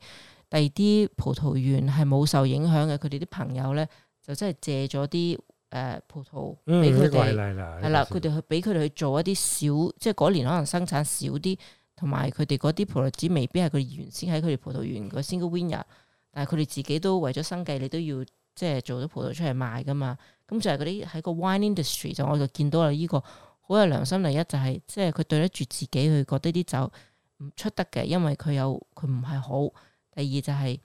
第二啲葡萄園係冇受影響嘅，佢哋啲朋友咧就真係借咗啲。誒葡萄俾佢哋係啦，佢哋去俾佢哋去做一啲少，即係嗰年可能生產少啲，同埋佢哋嗰啲葡萄籽未必係佢原先喺佢哋葡萄園嗰先嘅 winery，但係佢哋自己都為咗生計，你都要即係做咗葡萄出嚟賣噶嘛。咁、嗯、就係嗰啲喺個 wine industry 就我就見到啦、這個，呢個好有良心第一就係即係佢對得住自己，佢覺得嗰啲酒唔出得嘅，因為佢有佢唔係好。第二就係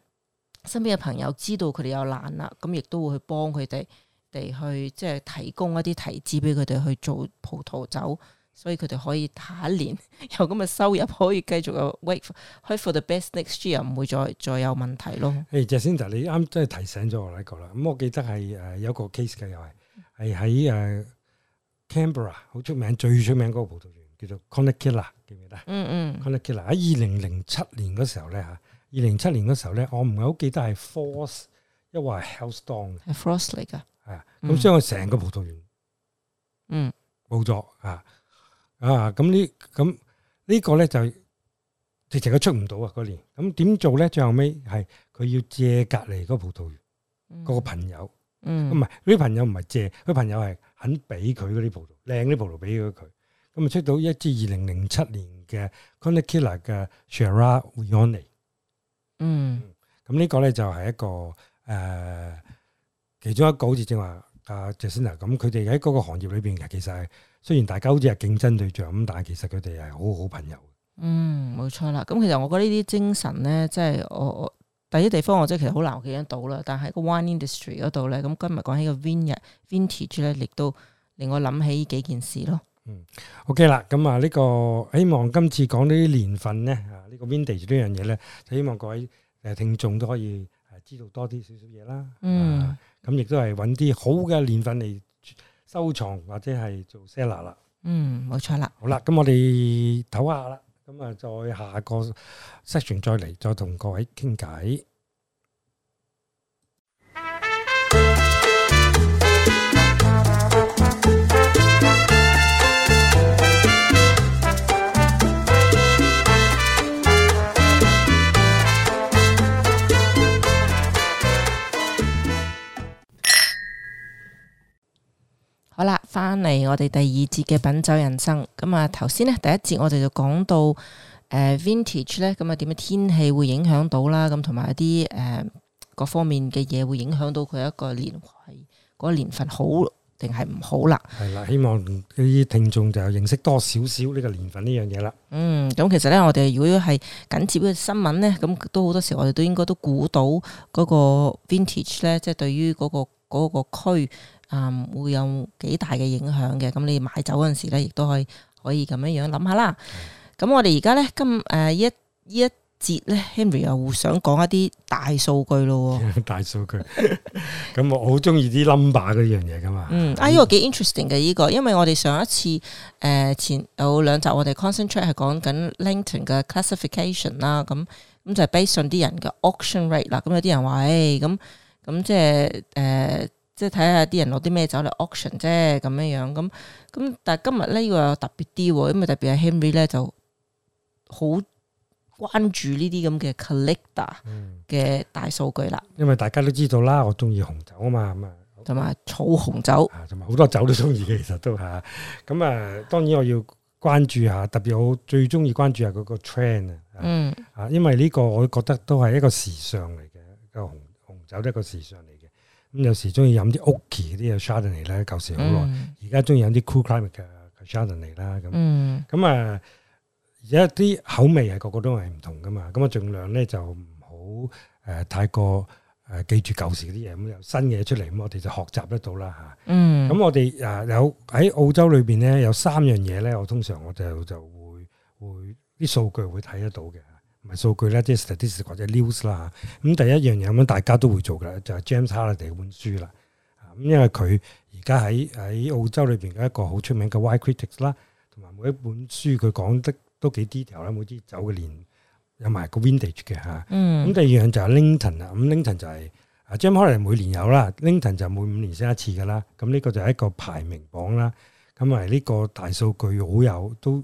身邊嘅朋友知道佢哋有難啦，咁亦都會去幫佢哋。地去即係提供一啲提子俾佢哋去做葡萄酒，所以佢哋可以下一年有咁嘅收入，可以繼續有 wait，可以 for the best next year 唔會再再有問題咯。誒，Jacinda，你啱真係提醒咗我呢個啦。咁我記得係誒有個 case 嘅又係係喺誒 Canberra 好出名最出名嗰個葡萄園叫做 Clonakilla 記唔記得？嗯嗯。Clonakilla 喺二零零七年嗰時候咧嚇，二零零七年嗰時候咧，我唔係好記得係 Frost，因為係 Hailstone。係 Frost 嚟㗎。咁所以成個葡萄園，嗯，冇咗啊啊！咁呢咁呢個咧就直情佢出唔到啊嗰年。咁點做咧？最後尾係佢要借隔籬嗰個葡萄園，嗰個朋友，唔係嗰啲朋友唔係借，嗰啲朋友係肯俾佢嗰啲葡萄，靚啲葡萄俾咗佢。咁啊，出到一支二零零七年嘅 Clonakilla 嘅 Shiraz Viognier 嚟。嗯，咁呢個咧就係一個誒。其中一個好似正話阿 Jason 啊，咁佢哋喺嗰個行業裏邊嘅，其實係雖然大家好似係競爭對象咁，但係其實佢哋係好好朋友。嗯，冇錯啦。咁其實我覺得呢啲精神咧，即係我我第一地方，我即係其實好難記得到啦。但係喺個 wine industry 嗰度咧，咁今日講起個 vintage vintage 咧，亦都令我諗起呢幾件事咯。嗯，OK 啦。咁啊、呢個，呢個希望今次講呢啲年份咧啊，呢、呢個 vintage 呢樣嘢咧，就希望各位誒聽眾都可以，知道多啲少少嘢啦，嗯，咁亦都係揾啲好嘅年份嚟收藏或者係做 seller 啦，嗯，冇錯啦。好啦，咁我哋唞下啦，咁啊，再下個 section 再嚟，再同各位傾偈。好啦，翻嚟我哋第二節嘅品酒人生。咁啊，頭先咧第一節我哋就講到誒，vintage 咧，咁、呃、啊，點樣天氣會影響到啦，咁同埋一啲誒、呃、各方面嘅嘢會影響到佢一個年係嗰、那個年份好定係唔好啦。係啦，希望啲聽眾就認識多少少呢個年份呢樣嘢啦。嗯，咁其實咧，我哋如果係緊接嘅新聞咧，咁都好多時我哋都應該都估到嗰個 vintage 咧，即、就、係、是、對於嗰、那個嗰、那個區。嗯，會有幾大嘅影響嘅，咁你買走嗰陣時咧，亦都可以可以咁樣樣諗下啦。咁我哋而家咧，今誒一一節咧，Henry 又想講一啲大數據咯。大數據，咁我好中意啲 number 呢樣嘢噶嘛。嗯，啊呢個幾 interesting 嘅呢個，因為我哋上一次誒前有兩集我哋 concentrate 係講緊 Langton 嘅 classification 啦，咁咁就 based on 啲人嘅 auction rate 啦。咁有啲人話，誒咁咁即係誒。即係睇下啲人攞啲咩酒嚟 auction 啫，咁樣樣咁咁，但係今日咧又特別啲，因為特別係 Henry 咧就好關注呢啲咁嘅 collector 嘅大數據啦，嗯。因為大家都知道啦，我中意紅酒啊嘛，咁、嗯、啊，同埋草紅酒，同埋好多酒都中意嘅，其實都吓。咁啊、啊，當然我要關注下，特別我最中意關注下嗰個 trend 啊，嗯、啊，因為呢個我覺得都係一個時尚嚟嘅，個紅紅酒都係一個時尚嚟。咁有、嗯、時中意飲啲 oaky 嗰啲嘅 Chardonnay 嚟咧，舊時好耐；而家中意飲啲 cool climate 嘅 Chardonnay 嚟啦。咁咁啊，而家啲口味係個個都係唔同噶嘛。咁啊，儘量咧就唔好誒太過誒記住舊時嗰啲嘢，咁有新嘢出嚟，咁我哋就學習得到啦嚇。咁我哋啊有喺澳洲裏邊咧，有三樣嘢咧，我通常我就就會會啲數據會睇得到嘅。咪數據咧，即係 statistics 或者 news 啦嚇。咁第一樣嘢咁，大家都會做嘅啦，就係、是、James Halliday 本書啦。咁因為佢而家喺喺澳洲裏邊嘅一個好出名嘅 Wine Critics 啦，同埋每一本書佢講得都幾 detail 啦，每支酒嘅年有埋個 Vintage 嘅嚇。嗯。咁第二樣就係 Linton 啊、就是，咁 Linton 就係 James Halliday 每年有啦，Linton 就每五年升一次嘅啦。咁呢個就係一個排名榜啦。咁咪呢個大數據好有都，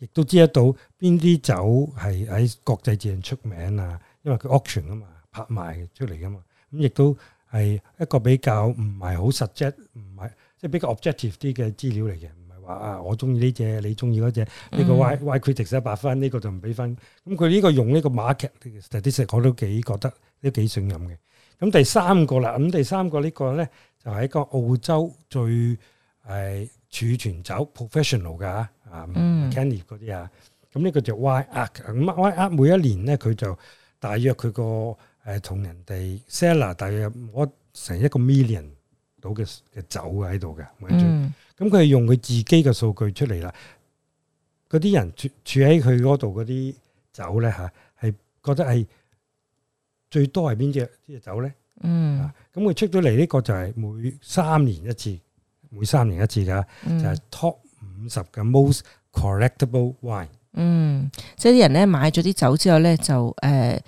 亦都知得到邊啲酒係喺國際上出名啊！因為佢 auction 啊嘛，拍賣出嚟噶嘛，咁亦都係一個比較唔係好 subjective，唔係即係比較 objective 啲嘅資料嚟嘅，唔係話啊我中意呢隻，你中意嗰隻，呢個 why why critic 先得八分，呢個就唔俾分。咁佢呢個用呢個 market，其實啲實我都幾覺得都幾信任嘅。咁第三個啦，咁第三個呢個咧就係一個澳洲最係儲存酒 professional 嘅。嗯，Kenny 嗰啲啊，咁呢個就 WineArt，咁 WineArt 每一年咧，佢就大約佢個誒同人哋 seller 大約攞成一個 million 到嘅嘅酒喺度嘅，咁佢係用佢自己嘅數據出嚟啦。嗰啲人住住喺佢嗰度嗰啲酒咧嚇，係覺得係最多係邊隻隻酒咧？嗯，咁佢出咗嚟呢個就係每三年一次，每三年一次嘅就係 top。五十嘅 most collectable wine。嗯，即係啲人咧買咗啲酒之後咧就誒誒、呃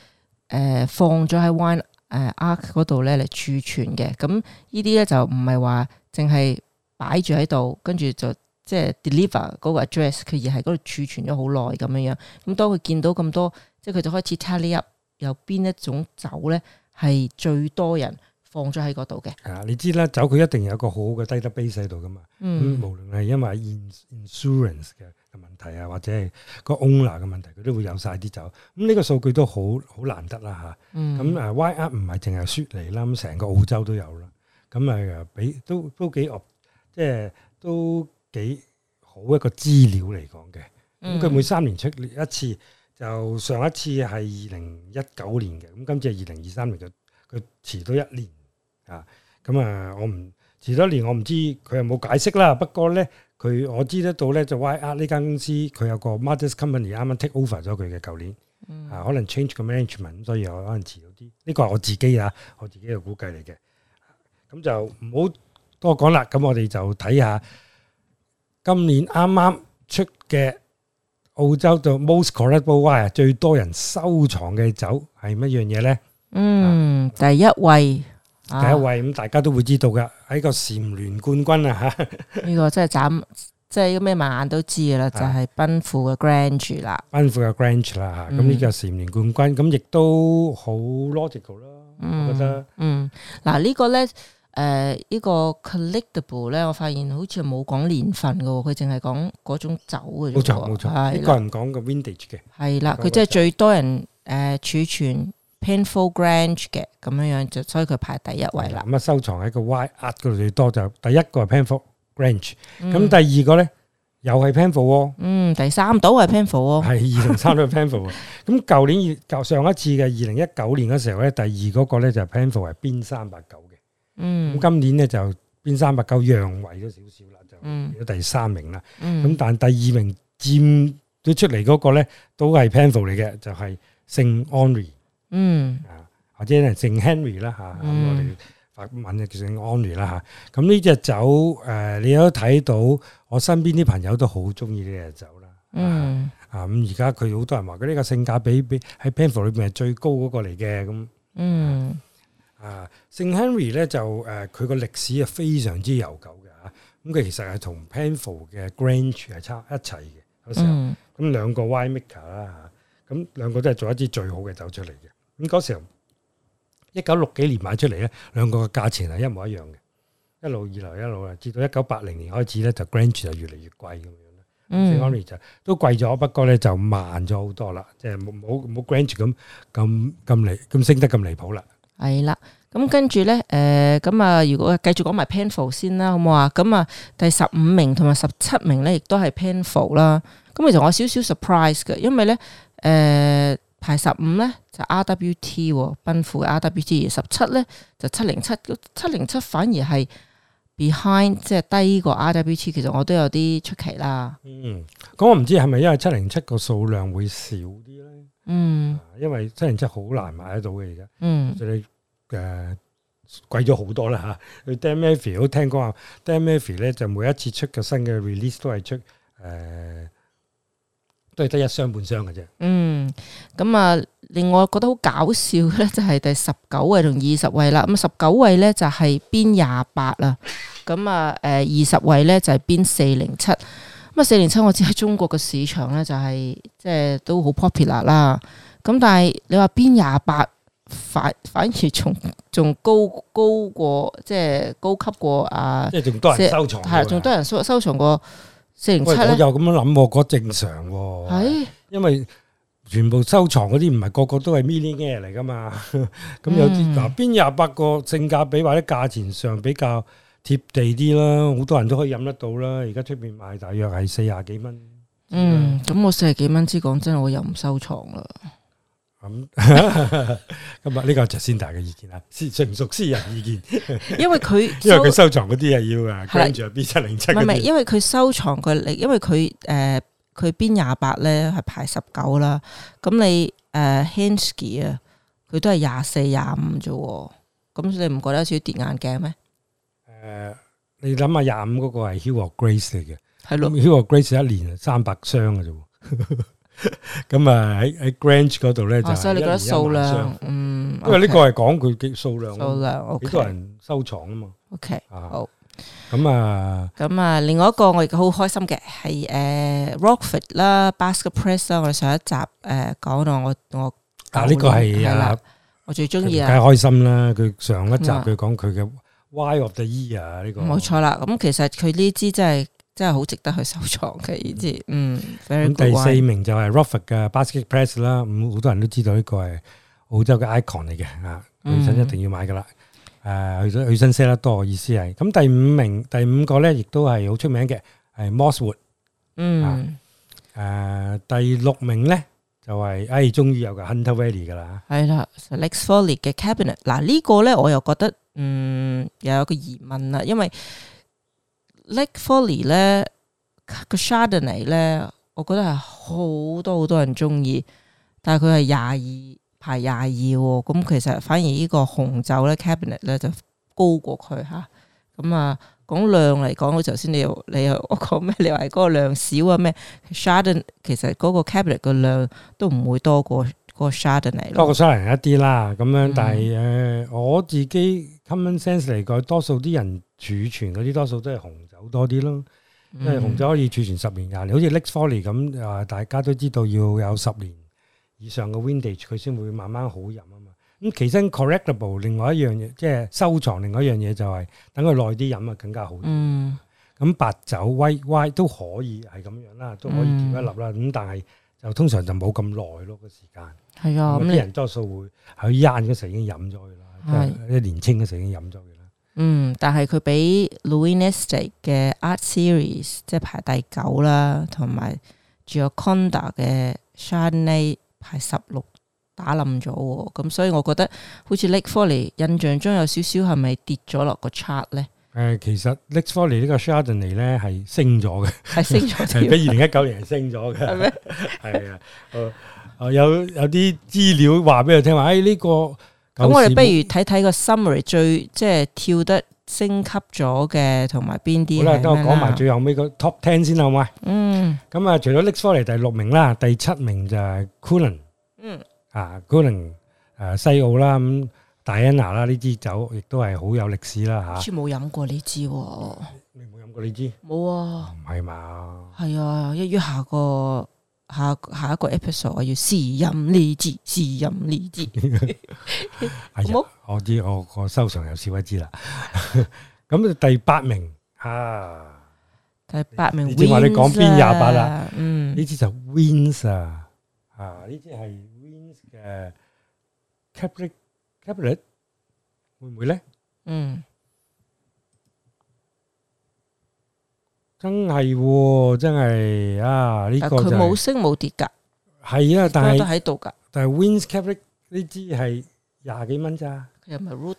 呃、放咗喺 wine 誒 Art 嗰度咧嚟儲存嘅。咁呢啲咧就唔係話淨係擺住喺度，跟住就即係 deliver 嗰個 address，佢而係嗰度儲存咗好耐咁樣樣。咁當佢見到咁多，即係佢就開始 tally up：有邊一種酒咧係最多人。放咗喺嗰度嘅，係啊，你知啦，走佢一定有一個好好嘅低得 base 喺度噶嘛，咁、嗯、無論係因為 insurance 嘅嘅問題啊，或者係個 owner 嘅問題，佢都會有晒啲走，咁、這、呢個數據都好好難得啦吓，咁誒，YR 唔係淨係雪梨啦，咁成個澳洲都有啦，咁啊，俾都都幾惡，即係都幾好一個資料嚟講嘅，咁佢、嗯嗯、每三年出一次，就上一次係二零一九年嘅，咁今次係二零二三年嘅，佢遲到一年。啊，咁啊，我唔遲多年，我唔知佢有冇解釋啦。不過咧，佢我知得到咧，就 YR 呢間公司佢有個 Master Company 啱啱 take over 咗佢嘅舊年，啊，可能 change 個 management，所以我可能遲咗啲。呢個係我自己啊，我自己嘅估計嚟嘅。咁就唔好多講啦。咁我哋就睇下今年啱啱出嘅澳洲就 most collectable wine 啊，最多人收藏嘅酒係乜嘢嘢咧？嗯，第一位。第一位咁，啊、大家都會知道噶，喺、啊、個蟬聯冠軍啊吓！呢 個真係斬，即係咩埋眼都知噶啦，啊、就係奔富嘅 Grange 啦，奔、啊、富嘅 Grange 啦吓，咁呢個蟬聯冠軍，咁亦都好 logical 咯，我覺得。嗯，嗱、呢個、呢、呃呢個咧，誒呢個 collectible 咧，我發現好似冇講年份噶，佢淨係講嗰種酒嘅，冇錯冇錯，呢個人講個 Vintage 嘅。係啦，佢即係最多人誒儲存。呃呃呃呃呃呃呃呃 Painful Grange 嘅咁樣樣就所以佢排第一位啦。咁啊收藏喺個 WineArt 度最多就第一個係 Penfolds Grange，咁、嗯、第二個咧又係 Penfolds 哦。嗯，第三到，係 Penfolds 哦，係二同三都係 Penfolds。 咁舊年舊上一次嘅二零一九年嘅時候咧，第二嗰個咧就 Penfolds 係邊三八九嘅。嗯，咁今年咧就邊三八九讓位咗少少啦，就變咗第三名啦。嗯，咁但第二名占都出嚟嗰個咧都係 Penfolds 嚟嘅，就係、是、聖安瑞。 嗯啊，或者咧聖 Henry 啦、啊、吓，咁我哋法文就叫聖 Henry 啦吓。咁呢隻酒誒，你都睇到我身邊啲朋友都好中意呢隻酒啦。嗯，嗯 ri，啊，咁而家佢好多人話佢呢個性價比比喺 Penfolds 裏邊係最高嗰個嚟嘅。咁嗯啊，聖 Henry 咧就誒，佢個歷史啊非常之悠久嘅吓。咁、啊、佢其實係同 Penfolds 嘅 Grange 係差一齊嘅，有時咁兩個 Winemaker 啦、啊、吓，咁、啊、兩個都係做一支最好嘅酒出嚟嘅。咁嗰時候，一九六幾年買出嚟咧，兩個嘅價錢係一模一樣嘅，一路二流一路啊，至到一九八零年開始咧，就 Grange 就越嚟越貴咁樣啦。Orange 就、嗯、都貴咗，不過咧就慢咗、呃、好多啦，即係冇冇 Grange 咁咁咁嚟咁升得咁離譜啦。係啦，咁跟住咧，誒，咁啊，如果繼續講埋 Penfolds 先啦，好唔好啊？咁啊，第十五名同埋十七名咧，亦都係 Penfolds 啦。咁其實我少少 surprise 嘅，因為咧，誒、呃。排十五咧就是、RWT 奔富 RWT，而十七咧就七零七，七零七反而係 behind 即係低過 RWT，其實我都有啲出奇啦、嗯。嗯，咁我唔知係咪因為七零七個數量會少啲咧？嗯，因為七零七好難買得到嘅而家。嗯，你誒貴咗好多啦吓。Damavi 都聽講話 Damavi 咧就每一次出嘅新嘅 release 都係出誒。呃都係得一箱半箱嘅啫。嗯，咁啊，令我覺得好搞笑咧，就係第十九位同二十位啦。咁十九位咧就係編廿八啦。咁啊，誒二十位咧就係編四零七。咁啊，四零七我知喺中國嘅市場咧就係即係都好 popular 啦。咁但係你話編廿八反反而從仲高高過，即係高級過啊，即係仲多人收藏，係仲多人收收藏過。喂，我又咁樣諗喎，嗰正常喎，是因為全部收藏嗰啲唔係個個都係 millionaire 嚟噶嘛，咁 有啲嗱，邊廿八個性價比或者價錢上比較貼地啲啦，好多人都可以飲得到啦。而家出邊賣大約係四十幾蚊，嗯，咁是、嗯、我四十幾蚊支講真我又唔收藏啦。咁咁啊，呢個 Jacinda 嘅意見啦，私屬唔屬私人意見？屬屬意見因為佢 因為佢收藏嗰啲啊，要啊跟住 B 七零七。唔係因為佢收藏佢，因為佢誒佢 B 廿八咧，係、呃、排十九啦。咁、呃、你誒 Henschke 啊，佢都係廿四廿五啫。咁你唔覺得有少少跌眼鏡咩？誒、呃，你諗下廿五嗰個係 Hill of Grace 嚟嘅，係咯 Hill of Grace 一年三百雙嘅啫。 咁啊喺喺 Grange 嗰度咧，就所以你覺得數量，嗯，因為呢個係講佢嘅數量，數量幾多人收藏啊嘛。OK，好。咁啊，咁啊，另外一個我亦好開心嘅係誒 Rockford 啦，Basket Press 啦，我哋上一集誒講到我我，但係呢個係啊，我最中意啊，梗係開心啦。佢上一集佢講佢嘅 Why of the Year 呢個，冇錯啦。咁其實佢呢支真係。真係好值得去收藏嘅，而之嗯。咁第四名就係 Rockford 嘅 Basket Press 啦，咁好多人都知道呢個係澳洲嘅 icon 嚟嘅啊，雨欣一定要買噶啦。誒，雨雨欣 sell 得多，意思係。咁第五名第五個咧，亦都係好出名嘅，係 Mosswood。嗯。誒，第六名咧就係，誒，終於有個 Hunter Valley 噶啦。係啦，Lake's Folly 嘅 Cabernet。嗱呢個咧我又覺得，嗯，又有一個疑問啦，因為。Lake Folly 咧，個 Chardonnay 咧，我覺得係好多好多人中意，但係佢係廿二排廿二喎，咁其實反而呢個紅酒咧 Cabinet 咧就高過佢吓。咁啊，講量嚟講，好頭先你又你又我講咩？你話嗰個量少啊咩？Chardonnay 其實嗰個 Cabinet 嘅量都唔會多過嗰個 Chardonnay。多過 Chardonnay 一啲啦，咁樣。但係誒，我自己 common sense 嚟講，多數啲人儲存嗰啲多數都係紅。有多啲咯，因為紅酒可以儲存十年廿年，好似 Lake's Folly 咁啊，大家都知道要有十年以上嘅 Vintage，佢先會慢慢好飲啊嘛。咁其實 Correctable 另外一樣嘢，即係收藏另外一樣嘢就係等佢耐啲飲啊，更加好飲。嗯，咁白酒威威都可以係咁樣啦，都可以調一粒啦。咁但係就通常就冇咁耐咯個時間。係啊，啲人多數會喺晏嗰時已經飲咗佢啦，即係啲年青嗰時已經飲咗佢。嗯，但係佢比 Leeuwin Estate 嘅 Art Series 即係排第九啦，同埋仲有 Giaconda 嘅 Chardonnay 排十六打冧咗喎。咁所以我覺得好似 Lake's Folly 印象中有少少係咪跌咗落個 chart 咧？誒，其實 Lake's Folly 呢個 Chardonnay 咧係升咗嘅，係升咗，係比二零一九年係升咗嘅。係咩？係啊，有有啲資料話俾我聽話，誒呢個。咁我哋不如睇睇個 summary 最即係跳得升級咗嘅，同埋邊啲。好啦，等我講埋最後尾個 top ten 先，啦，好唔好啊？嗯。咁啊，除咗 Nicholay 第六名啦，第七名就係 Cullen，嗯啊啊啊。嗯。啊，Cullen，誒，西澳啦，咁 Diana 啦，呢支酒亦都係好有歷史啦吓。好似冇飲過呢支喎。你冇飲過呢支？冇啊。唔係嘛？係啊，一於下個。下下一個 episode 我要試飲呢支，試飲呢支，唔、 哎、我知我我收藏又少一支啦。咁第八名啊，第八名，啊、八名你正話你講邊廿八啦？啊、嗯，呢支就 Wins 啊，吓、啊、呢支係 Wins 嘅 Capric Capric 會唔會咧？嗯。真係、哦，真係啊！呢、這個佢、就、冇、是、升冇跌噶，係啊，但係都喺度噶。但係 Winscape 呢支係廿幾蚊咋。又唔係 root？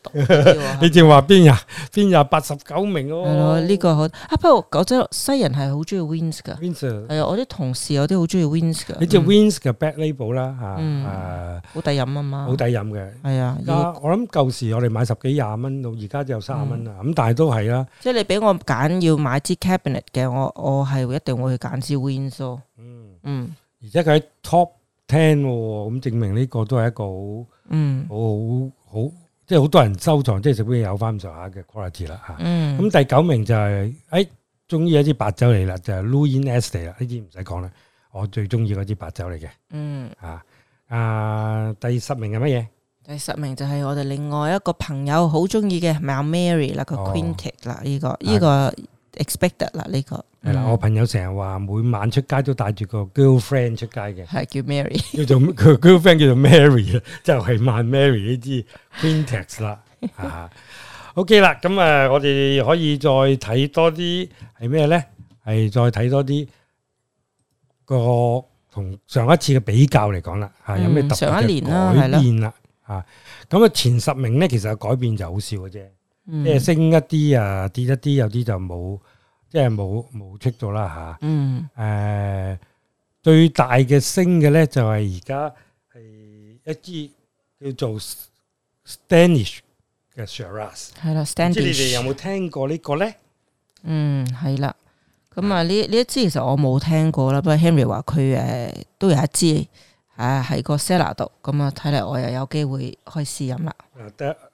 你淨話邊日？邊日八十九名咯？呢個好啊！不過嗰隻西人係好中意 Wins 噶。Wins 係啊，我啲同事有啲好中意 Wins 噶。你知 Wins 嘅 Back Label 啦，吓啊，好抵飲啊嘛，好抵飲嘅係啊。我諗舊時我哋買十幾廿蚊到，而家就三十蚊啊。咁但係都係啦。即係你俾我揀要買支 Cabinet 嘅，我我係一定會去揀支 Wins 咯。嗯嗯，而且佢喺 Top Ten，咁證明呢個都係一個好嗯好好好。即係好多人收藏，即係基本上有翻咁上下嘅 quality 啦嚇。咁第九名就係，哎，終於有一啲白酒嚟啦，就係 Leeuwin Estate 啦，呢啲唔使講啦，我最中意嗰支白酒嚟嘅。嗯。啊，啊，第十名係乜嘢？第十名就係我哋另外一個朋友好中意嘅，Mount Mary 啦個 Quintet 啦，呢個呢個 Expect 啦，呢個。係啦，我朋友成日話每晚出街都帶住個 girlfriend 出街嘅，係叫 Mary，叫做佢個 girlfriend 叫做 Mary 啦，就係萬 Mary 呢支 Quintet 啦。啊，OK 啦，咁啊，我哋可以再睇多啲係咩咧？係再睇多啲個同上一次嘅比較嚟講啦，係有咩特別嘅改變啦？啊，咁啊前十名咧，其實改變就好少嘅啫，即係升一啲啊，跌一啲，有啲就冇。即係冇冇 check 到啦吓，嗯，誒最大嘅升嘅咧就係而家係一支叫做 Standish 嘅 Shiraz，係啦，Standish。你哋有冇聽過呢個咧？嗯，係啦。咁啊，呢呢一支其實我冇聽過啦，不過 Henry 話佢誒都有一支啊，喺個 Sella 度。咁啊，睇嚟，我又有機會去試飲啦。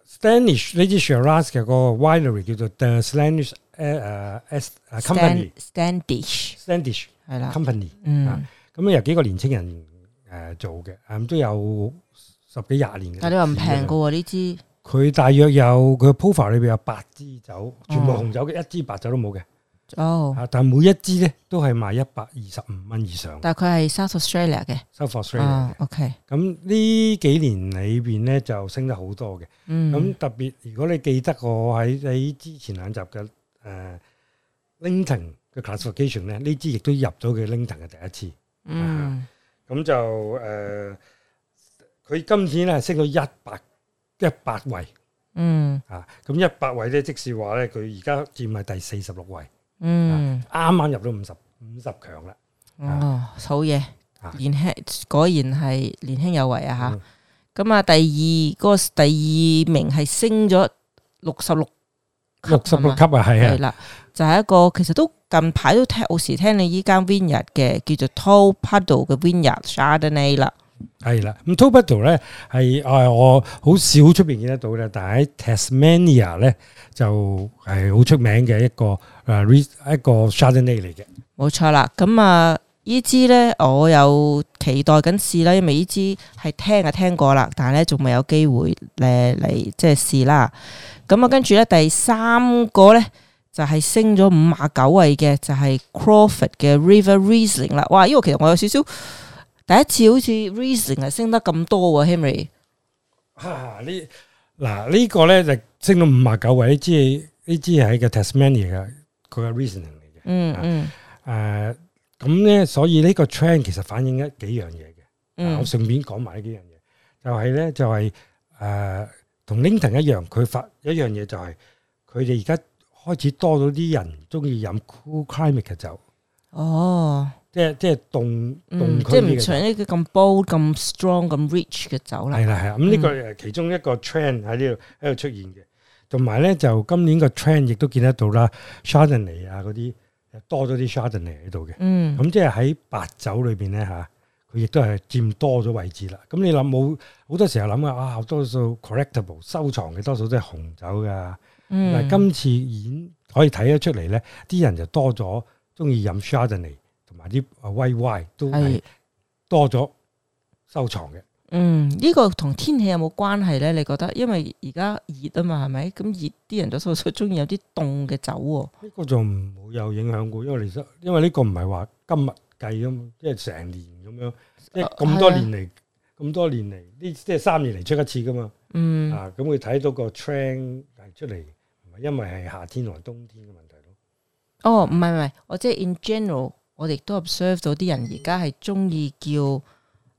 Standish 呢支 Shiraz 嘅個 winery 叫做 The Standish。誒誒，as company，Standish，Standish，係啦，company，嗯，咁咧有幾個年輕人誒做嘅，咁都有十幾廿年嘅。但係你話唔平嘅喎呢支？佢大約有，佢 portfolio 裏邊有八支酒，全部紅酒嘅，一支白酒都冇嘅。哦，啊，但係每一支咧都係賣一百二十五蚊以上。但係佢係 South Australia 嘅，South Australia，OK。咁呢幾年裏邊咧就升得好多嘅。嗯，咁特別如果你記得我喺喺之前兩集嘅。誒、uh, Langton's 嘅 classification 咧，呢支亦都入到佢 Langton's 嘅第一次。嗯，咁就誒，佢今次咧係升到一百一百位。嗯，啊，咁一百位咧，即是話咧，佢而家佔係第四十六位。嗯，啱啱入到五十五十強啦。哦，好嘢！年輕果然係年輕有為啊！吓，咁啊，第二個第二名係升咗六十六。六十六級啊，係啊，係啦，就係、是、一個，其實都近排都聽，有時聽你依間 Winery 嘅，叫做 Tolpuddle 嘅 Winery Chardonnay 啦，係啦，咁 Tolpuddle 咧係誒我好少出面見得到嘅，但喺 Tasmania 咧就係好出名嘅一個誒一個 Chardonnay 嚟嘅，冇錯啦，咁啊。支呢支咧我有期待緊試啦，因為呢支係聽啊聽過啦，但係咧仲未有機會誒嚟即係試啦。咁啊，跟住咧第三個咧就係升咗五十九位嘅，就係、是就是、Crawford 嘅 River Riesling 啦。哇，呢個其實我有少少第一次好似 Riesling 係升得咁多啊，Henry。哈、啊，這個、呢嗱呢個咧就升到五十九位，呢支呢支係一個 Tasmania 嘅佢個 Riesling 嚟嘅、嗯。嗯嗯，誒、啊。咁咧，嗯、所以呢個 trend 其實反映一幾樣嘢嘅，我順便講埋呢幾樣嘢，就係、是、咧、呃、就係誒同 Linton 一樣，佢發一樣嘢就係佢哋而家開始多咗啲人中意飲 cool climate 嘅酒。哦，即係即係凍凍即係唔想呢啲咁 bold strong、咁 strong、咁 rich 嘅酒啦。係啦係啦，咁呢個其中一個 trend 喺呢度喺度出現嘅，同埋咧就今年個 trend 亦都見得到啦 Chardonnay 啊嗰啲。多咗啲 Chardonnay 喺度嘅、嗯，咁即係喺白酒裏邊咧嚇，佢亦都係佔多咗位置啦。咁你諗冇好多時候諗嘅啊，多數 collectable 收藏嘅多數都係紅酒㗎。嗱、嗯，但今次演可以睇得出嚟咧，啲人就多咗中意飲 Chardonnay 同埋啲 Y Y 都係多咗收藏嘅。嗯嗯，呢、這個同天氣有冇關係咧？你覺得？因為而家熱啊嘛，係咪？咁熱，啲人就所以中意有啲凍嘅酒喎。呢個就冇有影響過，因為嚟，因為呢個唔係話今日計嘛，即係成年咁樣，即係咁多年嚟，咁、啊嗯、多年嚟，呢、啊嗯、即係三年嚟出一次噶嘛。嗯。啊，咁佢睇到個 trend 出嚟，係因為係夏天同冬天嘅問題咯？哦，唔係唔係，我即係 in general，我哋都 observe 到啲人而家係中意叫。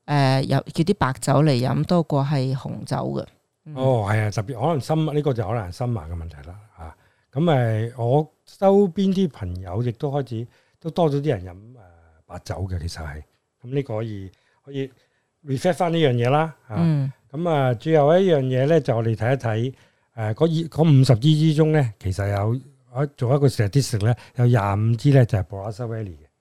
誒，有、呃、叫啲白酒嚟飲多過係紅酒嘅、嗯。哦，係啊，特別可能深呢、這個就可能深埋嘅問題啦。吓、啊，咁、啊、誒、啊，我周邊啲朋友亦都開始都多咗啲人飲誒白酒嘅，其實係。咁、這、呢個可以可以 reflect 翻呢樣嘢啦。啊、嗯、啊。咁啊，最後一樣嘢咧，就我哋睇一睇誒，嗰二五十支之中咧，其實有喺做一個 statistics 咧，有廿五支咧就係、是、Barossa Valley 嘅。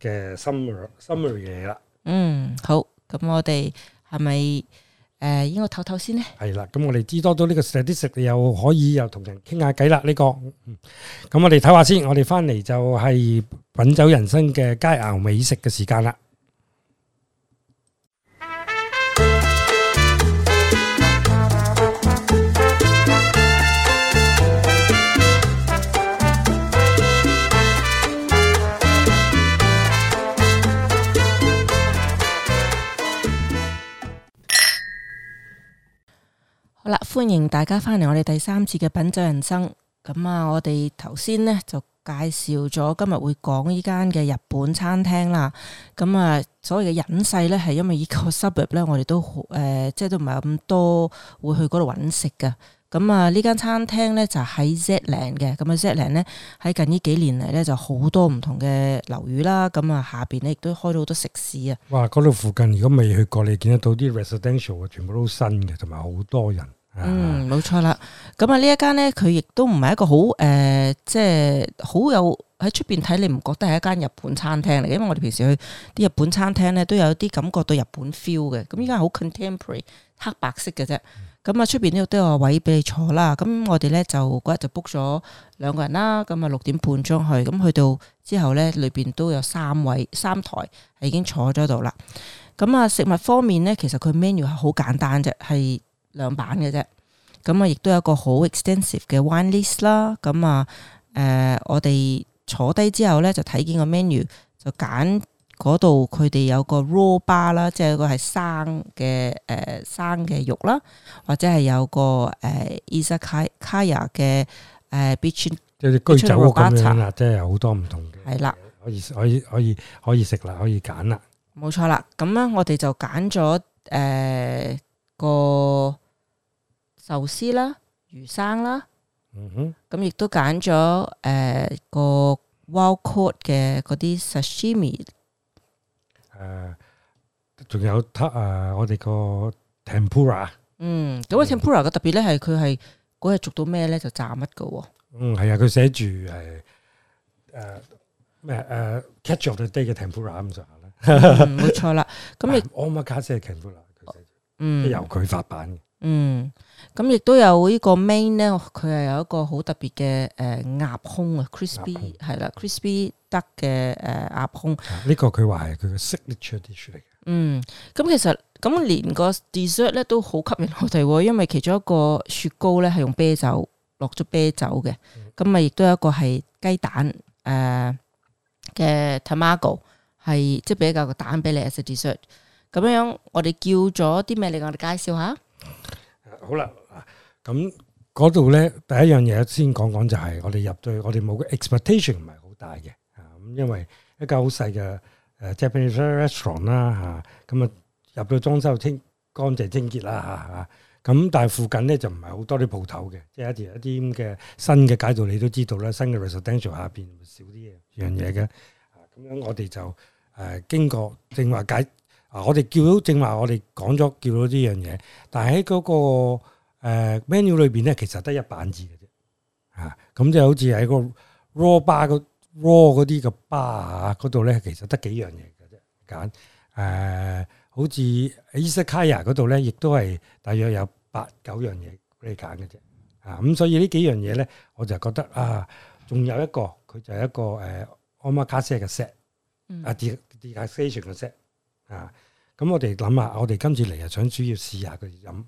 嘅 summary summary 嘢啦，嗯，好，咁我哋係咪誒應該唞唞先咧？係啦，咁我哋知多咗呢個食啲食又可以又同人傾下偈啦，呢、這個，咁、嗯、我哋睇下先，我哋翻嚟就係品酒人生嘅佳肴美食嘅時間啦。啦，歡迎大家翻嚟我哋第三次嘅品酒人生。咁啊，我哋頭先呢就介紹咗今日會講呢間嘅日本餐廳啦。咁啊，所謂嘅隱世呢，係因為呢個 suburb 呢，我哋都誒、呃，即係都唔係咁多會去嗰度揾食噶。咁啊，呢間餐廳呢，就喺、是、Zetland 嘅。咁啊 Zetland 喺近呢幾年嚟呢，就好多唔同嘅樓宇啦。咁啊，下邊呢亦都開咗好多食肆啊。哇，嗰度附近如果未去過，你見得到啲 residential 全部都新嘅，同埋好多人。嗯，冇錯啦。咁啊，呢一間咧，佢亦都唔係一個好誒、呃，即係好有喺出邊睇，面你唔覺得係一間日本餐廳嚟？因為我哋平時去啲日本餐廳咧，都有啲感覺到日本 feel 嘅。咁依家好 contemporary，黑白色嘅啫。咁啊、嗯，出邊呢度都有個位俾你坐啦。咁我哋咧就嗰日就 book 咗兩個人啦。咁啊，六點半鐘去，咁去到之後咧，裏邊都有三位三台係已經坐咗度啦。咁啊，食物方面咧，其實佢 menu 係好簡單啫，係。兩版嘅啫，咁、嗯、啊，亦都有一個好 extensive 嘅 wine list 啦。咁啊，誒、呃，我哋坐低之後咧，就睇見個 menu，就揀嗰度佢哋有個 raw bar 啦、啊，即係一個係生嘅誒、呃、生嘅肉啦、啊，或者係有個誒、呃、呃、izakaya 嘅誒 beach，即係居酒屋，ata，居屋啊，即係好多唔同嘅。係啦了，可以可以可以可以食啦，可以揀啦。冇錯啦，咁咧我哋就揀咗誒。呃嗯個壽司啦、魚生啦，嗯哼，咁亦都揀咗誒個 wokod 嘅嗰啲 sashimi，誒，仲、呃、有睇誒、呃、我哋個 tempura，嗯，咁 tempura 嘅特別咧係佢係日煮到咩咧就炸乜噶，啊、嗯，係啊，佢寫住係誒咩誒 casual 嘅 day 嘅 tempura 咁上下咧，冇錯、嗯啊嗯、啦，咁亦 omakase 嘅 tempura。啊嗯，由佢發版嘅。嗯，咁亦都有呢個 main 咧，佢係有一個好特別嘅誒、呃、鴨胸啊，crispy 係啦，crispy 得嘅誒鴨胸。呢、啊這個佢話係佢嘅 signature d i 嚟嘅。嗯，咁其實咁連個 dessert 咧都好吸引我哋，因為其中一個雪糕咧係用啤酒落咗啤酒嘅，咁咪亦都有一個係雞蛋誒嘅、呃、tamago，係即係比較個蛋俾你 as a dessert。咁樣我，我哋叫咗啲咩嚟？我哋介紹下。好啦，咁嗰度咧，第一樣嘢先講講就係我哋入到，我哋冇 expectation 唔係好大嘅。啊，咁因為一間好細嘅誒 Japanese restaurant 啦，吓咁啊入到裝修清乾淨清潔啦，吓吓咁但係附近咧就唔係好多啲鋪頭嘅，即係一啲一啲咁嘅新嘅街道你都知道啦，新嘅 residential 下邊少啲嘢樣嘢嘅，啊咁樣我哋就誒、啊、經過正話解。啊！我哋叫到正話，我哋講咗叫到呢樣嘢，但係喺嗰個、呃、m e n u a l 裏邊咧，其實得一版字嘅啫。啊，咁即係好似喺個 raw bar 個嗰啲個 bar 嗰度咧，其實得幾樣嘢嘅啫，揀、啊、誒。好似喺 Eskaya 嗰度咧，亦都係大約有八九樣嘢俾你揀嘅啫。啊，咁所以呢幾樣嘢咧，我就覺得啊，仲有一個佢就係一個誒，阿馬卡車嘅 set 啊，地地鐵 station 嘅 set。啊，咁我哋諗下，我哋今次嚟，啊，想主要試下佢飲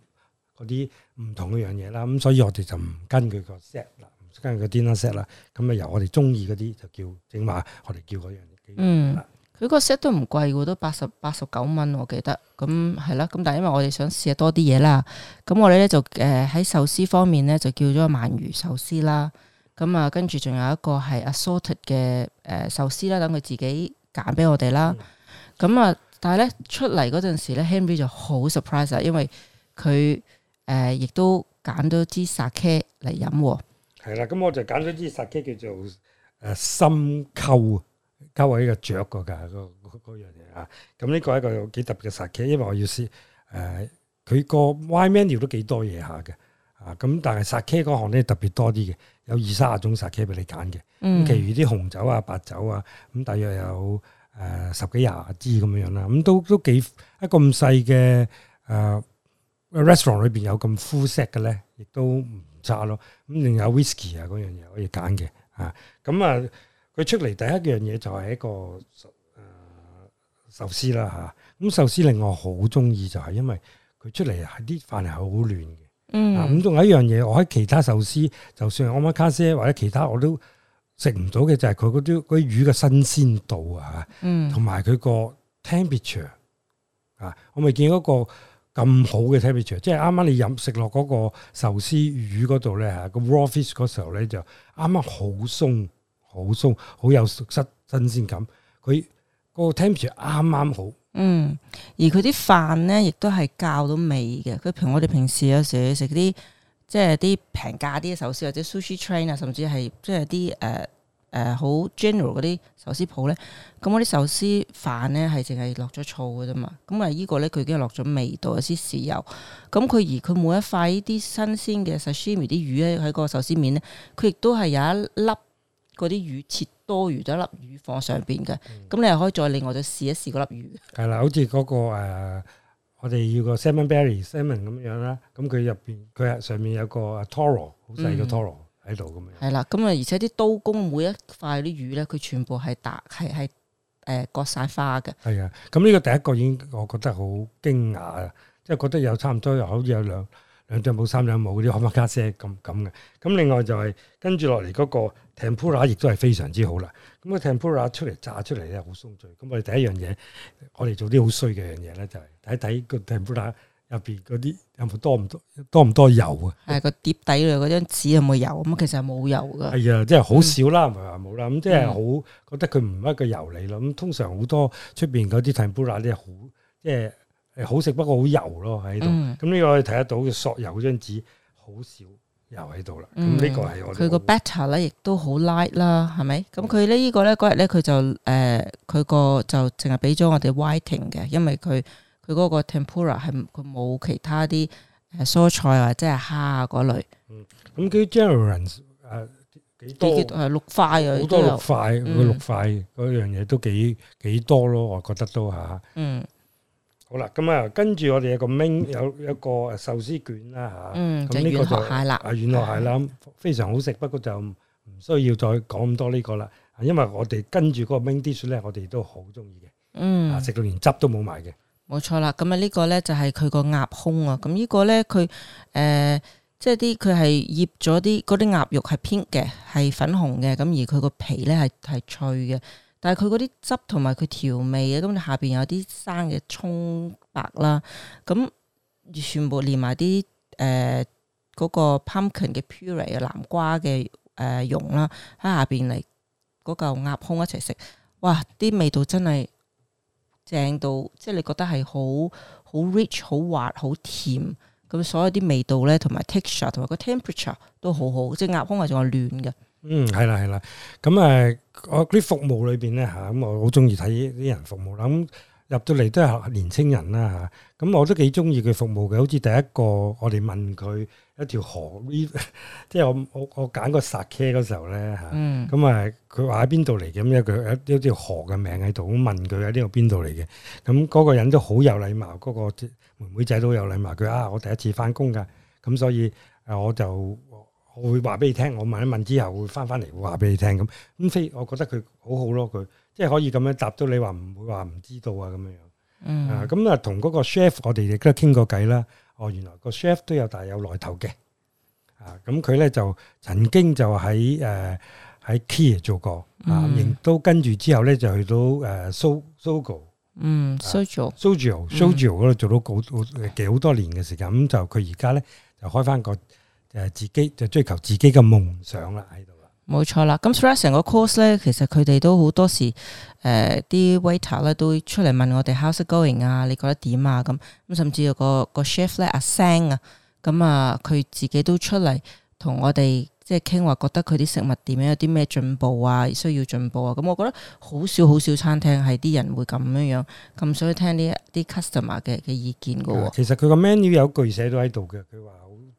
嗰啲唔同嘅樣嘢啦，咁所以我哋就唔跟佢個 set 啦，唔跟佢個 dinner set 啦，咁啊由我哋中意嗰啲就叫，起碼我哋叫嗰樣。嗯，佢個 set 都唔貴喎，都八十八十九蚊，我記得。咁係啦，咁但係因為我哋想試下多啲嘢啦，咁我哋咧就誒喺壽司方面咧就叫咗鰻魚壽司啦，咁啊跟住仲有一個係 assorted 嘅誒壽司啦，等佢自己揀俾我哋啦，咁啊。但係咧出嚟嗰陣時咧 ，Henry 就好 surprised，因為佢誒、呃、亦都揀咗支 sake 嚟飲喎。係啦，咁我就揀咗支 sake 叫做誒深、呃、溝交位一個雀個㗎個嗰樣嘢啊。咁呢個係一個幾特別嘅 sake 因為我要試誒，佢、呃、個 wine menu 都幾多嘢下嘅啊。咁但係 sake 嗰行咧特別多啲嘅，有二三十啊種酒酒、嗯、sake 俾你揀嘅。咁，其餘啲紅酒啊、白酒啊，咁大約有。誒、呃，十幾廿支咁樣樣啦，咁都都幾一個咁細嘅誒 restaurant 裏邊有咁 full set 嘅咧，亦都唔差咯。咁仲有 whisky 啊嗰樣嘢，可以揀嘅吓。咁啊，佢出嚟第一樣嘢就係一個壽誒壽司啦吓。咁、啊、壽司令我好中意就係因為佢出嚟係啲飯係好嫩嘅，嗯。咁仲、啊、有一樣嘢，我喺其他壽司，就算係 Omakase 或者其他，我都。食唔到嘅就係佢嗰啲啲魚嘅新鮮度啊，同埋佢個 temperature 啊，我未見過嗰個咁好嘅 temperature，即係啱啱你飲食落嗰個壽司魚嗰度咧嚇，個 raw fish 嗰時候咧就啱啱好鬆好鬆，好有熟濕新鮮感，佢個 temperature 啱啱好。嗯，而佢啲飯咧亦都係較到味嘅，佢平我哋平時有時食啲。即係啲平價啲嘅壽司，或者 sushi train 啊，甚至係即係啲誒、呃、誒好、呃、general 嗰啲壽司鋪咧。咁嗰啲壽司飯咧係淨係落咗醋嘅啫嘛。咁啊，依個咧佢已經落咗味道，有啲豉油。咁佢而佢每一塊呢啲新鮮嘅 sashimi 啲魚咧喺個壽司面咧，佢亦都係有一粒嗰啲魚切多餘咗一粒魚放上邊嘅。咁、嗯、你又可以再另外再試一試嗰粒魚。係啦，好似嗰、那個、呃我哋要個 Seven Berry Seven 咁樣啦，咁佢入邊佢係上面有個 Toro 好細個 Toro 喺度咁樣。係啦，咁啊、嗯，而且啲刀工每一塊啲魚咧，佢全部係打係係誒割曬花嘅。係啊，咁呢個第一個已經我覺得好驚訝啊，即係覺得有差唔多有好似有兩兩隻冇三張帽兩隻冇啲可翻卡車咁咁嘅。咁另外就係跟住落嚟嗰個 tempura 亦都係非常之好啦。咁個 tempura 出嚟炸出嚟咧好鬆脆。咁我哋第一樣嘢，我哋做啲好衰嘅樣嘢咧，就係、是、睇睇個 tempura 入邊嗰啲有冇多唔多多唔多油啊？係個碟底咧，嗰張紙有冇油？咁其實係冇油噶。係啊、哎，即係好少啦，唔係話冇啦。咁即係好覺得佢唔係一個油嚟咯。咁通常多面、就是、好多出邊嗰啲 tempura 咧好即係好食，不過好油咯喺度。咁呢、嗯、個我哋睇得到，索油嗰張紙好少。又喺度啦，咁、 嗯嗯、呢個係佢個 batter 咧，亦都好 light 啦，係咪？咁佢呢依個咧嗰日咧，佢就誒佢個就淨係俾咗我哋 whiting 嘅，因為佢佢嗰個 tempura 係佢冇其他啲誒蔬菜或即係蝦啊嗰類嗯。嗯，咁佢 generous 誒幾多？誒六塊啊，好多六塊，個六塊嗰樣嘢都幾幾多咯，我覺得都嚇。嗯。好啦，咁啊，跟住我哋有個 main 有一個壽司卷啦吓，咁呢、嗯、個就係啦，係啦、嗯，就是、非常好食，是的 不過就唔需要再講咁多呢個啦，因為我哋跟住嗰個 main dish 咧，我哋都好中意嘅，嗯，食、啊、到連汁都冇埋嘅，冇錯啦，咁、這、啊、個、呢個咧就係佢個鴨胸啊，咁、這個、呢個咧佢誒，即係啲佢係醃咗啲嗰啲鴨肉係偏嘅，係粉紅嘅，咁而佢個皮咧係係脆嘅。但係佢嗰啲汁同埋佢調味呀，咁你下邊有啲生嘅葱白啦，咁全部連埋啲誒嗰個 pumpkin 嘅 pure 啊，南瓜嘅誒蓉啦，喺、呃、下邊嚟嗰嚿鴨胸一齊食，哇！啲味道真係正到，即係你覺得係好好 rich、好滑、好甜，咁所有啲味道咧同埋 texture 同埋個 temperature 都好好，即係鴨胸係仲係暖嘅。嗯，係啦，係、嗯、啦。咁、嗯、啊，我啲服務裏邊咧嚇，咁我好中意睇啲人服務啦。咁入到嚟都係年青人啦嚇。咁我都幾中意佢服務嘅。好似第一個我哋問佢一條河，即係我我我揀個煞車嗰時候咧嚇。咁啊、嗯，佢話喺邊度嚟嘅？咁因為佢有條河嘅名喺度，咁問佢喺呢度邊度嚟嘅。咁嗰個人都好有禮貌，嗰個妹妹仔都有禮貌。佢啊，我第一次翻工噶，咁所以我就。我會話俾你聽，我問一問之後會翻翻嚟，會話俾你聽咁。咁所以我覺得佢好好咯，佢即係可以咁樣答到你話唔會話唔知道啊咁樣樣。嗯啊，咁啊同嗰個 chef，我哋亦都傾過偈啦。哦，原來個 chef 都有大有來頭嘅。啊，咁佢咧就曾經就喺誒喺、呃、Key 做過啊，嗯、然都跟住之後咧就去到誒 Sogo，嗯，Sogo，Sogo，Sogo、uh, 嗰度、嗯、做到好幾好多年嘅時間。咁就佢而家咧就開翻個。就自己就追求自己嘅夢想啦，喺度啦。冇錯啦，咁 restaurant 個 course 咧，其實佢哋都好多時，誒、呃，啲 waiter 咧都出嚟問我哋 how's going 啊，你覺得點啊？咁咁甚至有個個 chef 咧阿 Sang 啊，咁、嗯、啊，佢自己都出嚟同我哋即係傾話，覺得佢啲食物點樣，有啲咩進步啊，需要進步啊？咁、嗯、我覺得好少好少餐廳係啲人會咁樣樣，咁所以聽啲啲 customer 嘅嘅意見噶、哦嗯。其實佢個 menu 有句寫到喺度嘅，佢話。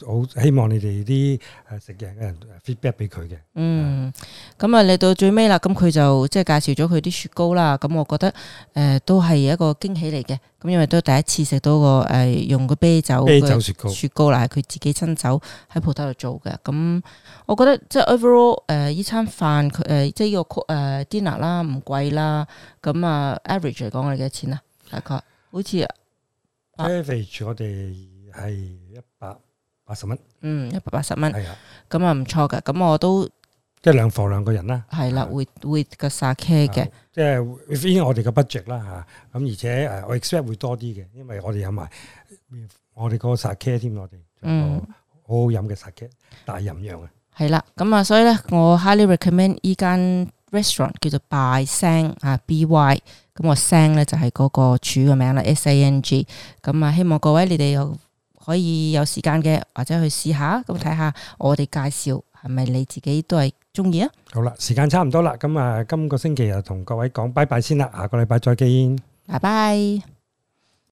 好希望你哋啲食嘅人 feedback 俾佢嘅。嗯，咁啊嚟到最尾啦，咁佢就即係介紹咗佢啲雪糕啦。咁我覺得誒、呃、都係一個驚喜嚟嘅。咁因為都第一次食到個誒用個啤酒啤酒雪糕雪糕啦，係佢自己親手喺鋪頭度做嘅。咁、嗯、我覺得即係 overall 誒呢餐飯佢誒即係呢個誒 dinner 啦，唔貴啦。咁啊 average 嚟講，我哋幾多錢啊？大概好似 average、啊、我哋係。八十蚊，嗯，一百八十蚊，係啊，咁啊唔錯噶，咁我都即係兩房兩個人啦，係啦，會會個 sake 嘅，即係 within 我哋嘅 budget 啦吓，咁而且誒我 expect 會多啲嘅，因為我哋有埋我哋嗰個 sake 添，我哋嗯好好飲嘅 sake，大飲量啊，係啦，咁啊所以咧，我 highly recommend 依間 restaurant 叫做 By Sang 啊，B Y，咁個 Sang 咧就係嗰個主嘅名啦，S A N G，咁啊希望各位你哋有。可以有時間嘅，或者去試下，咁睇下我哋介紹係咪你自己都係中意？好啦，時間差唔多啦，咁啊，今個星期就同各位講拜拜先啦，下個禮拜再見，拜拜。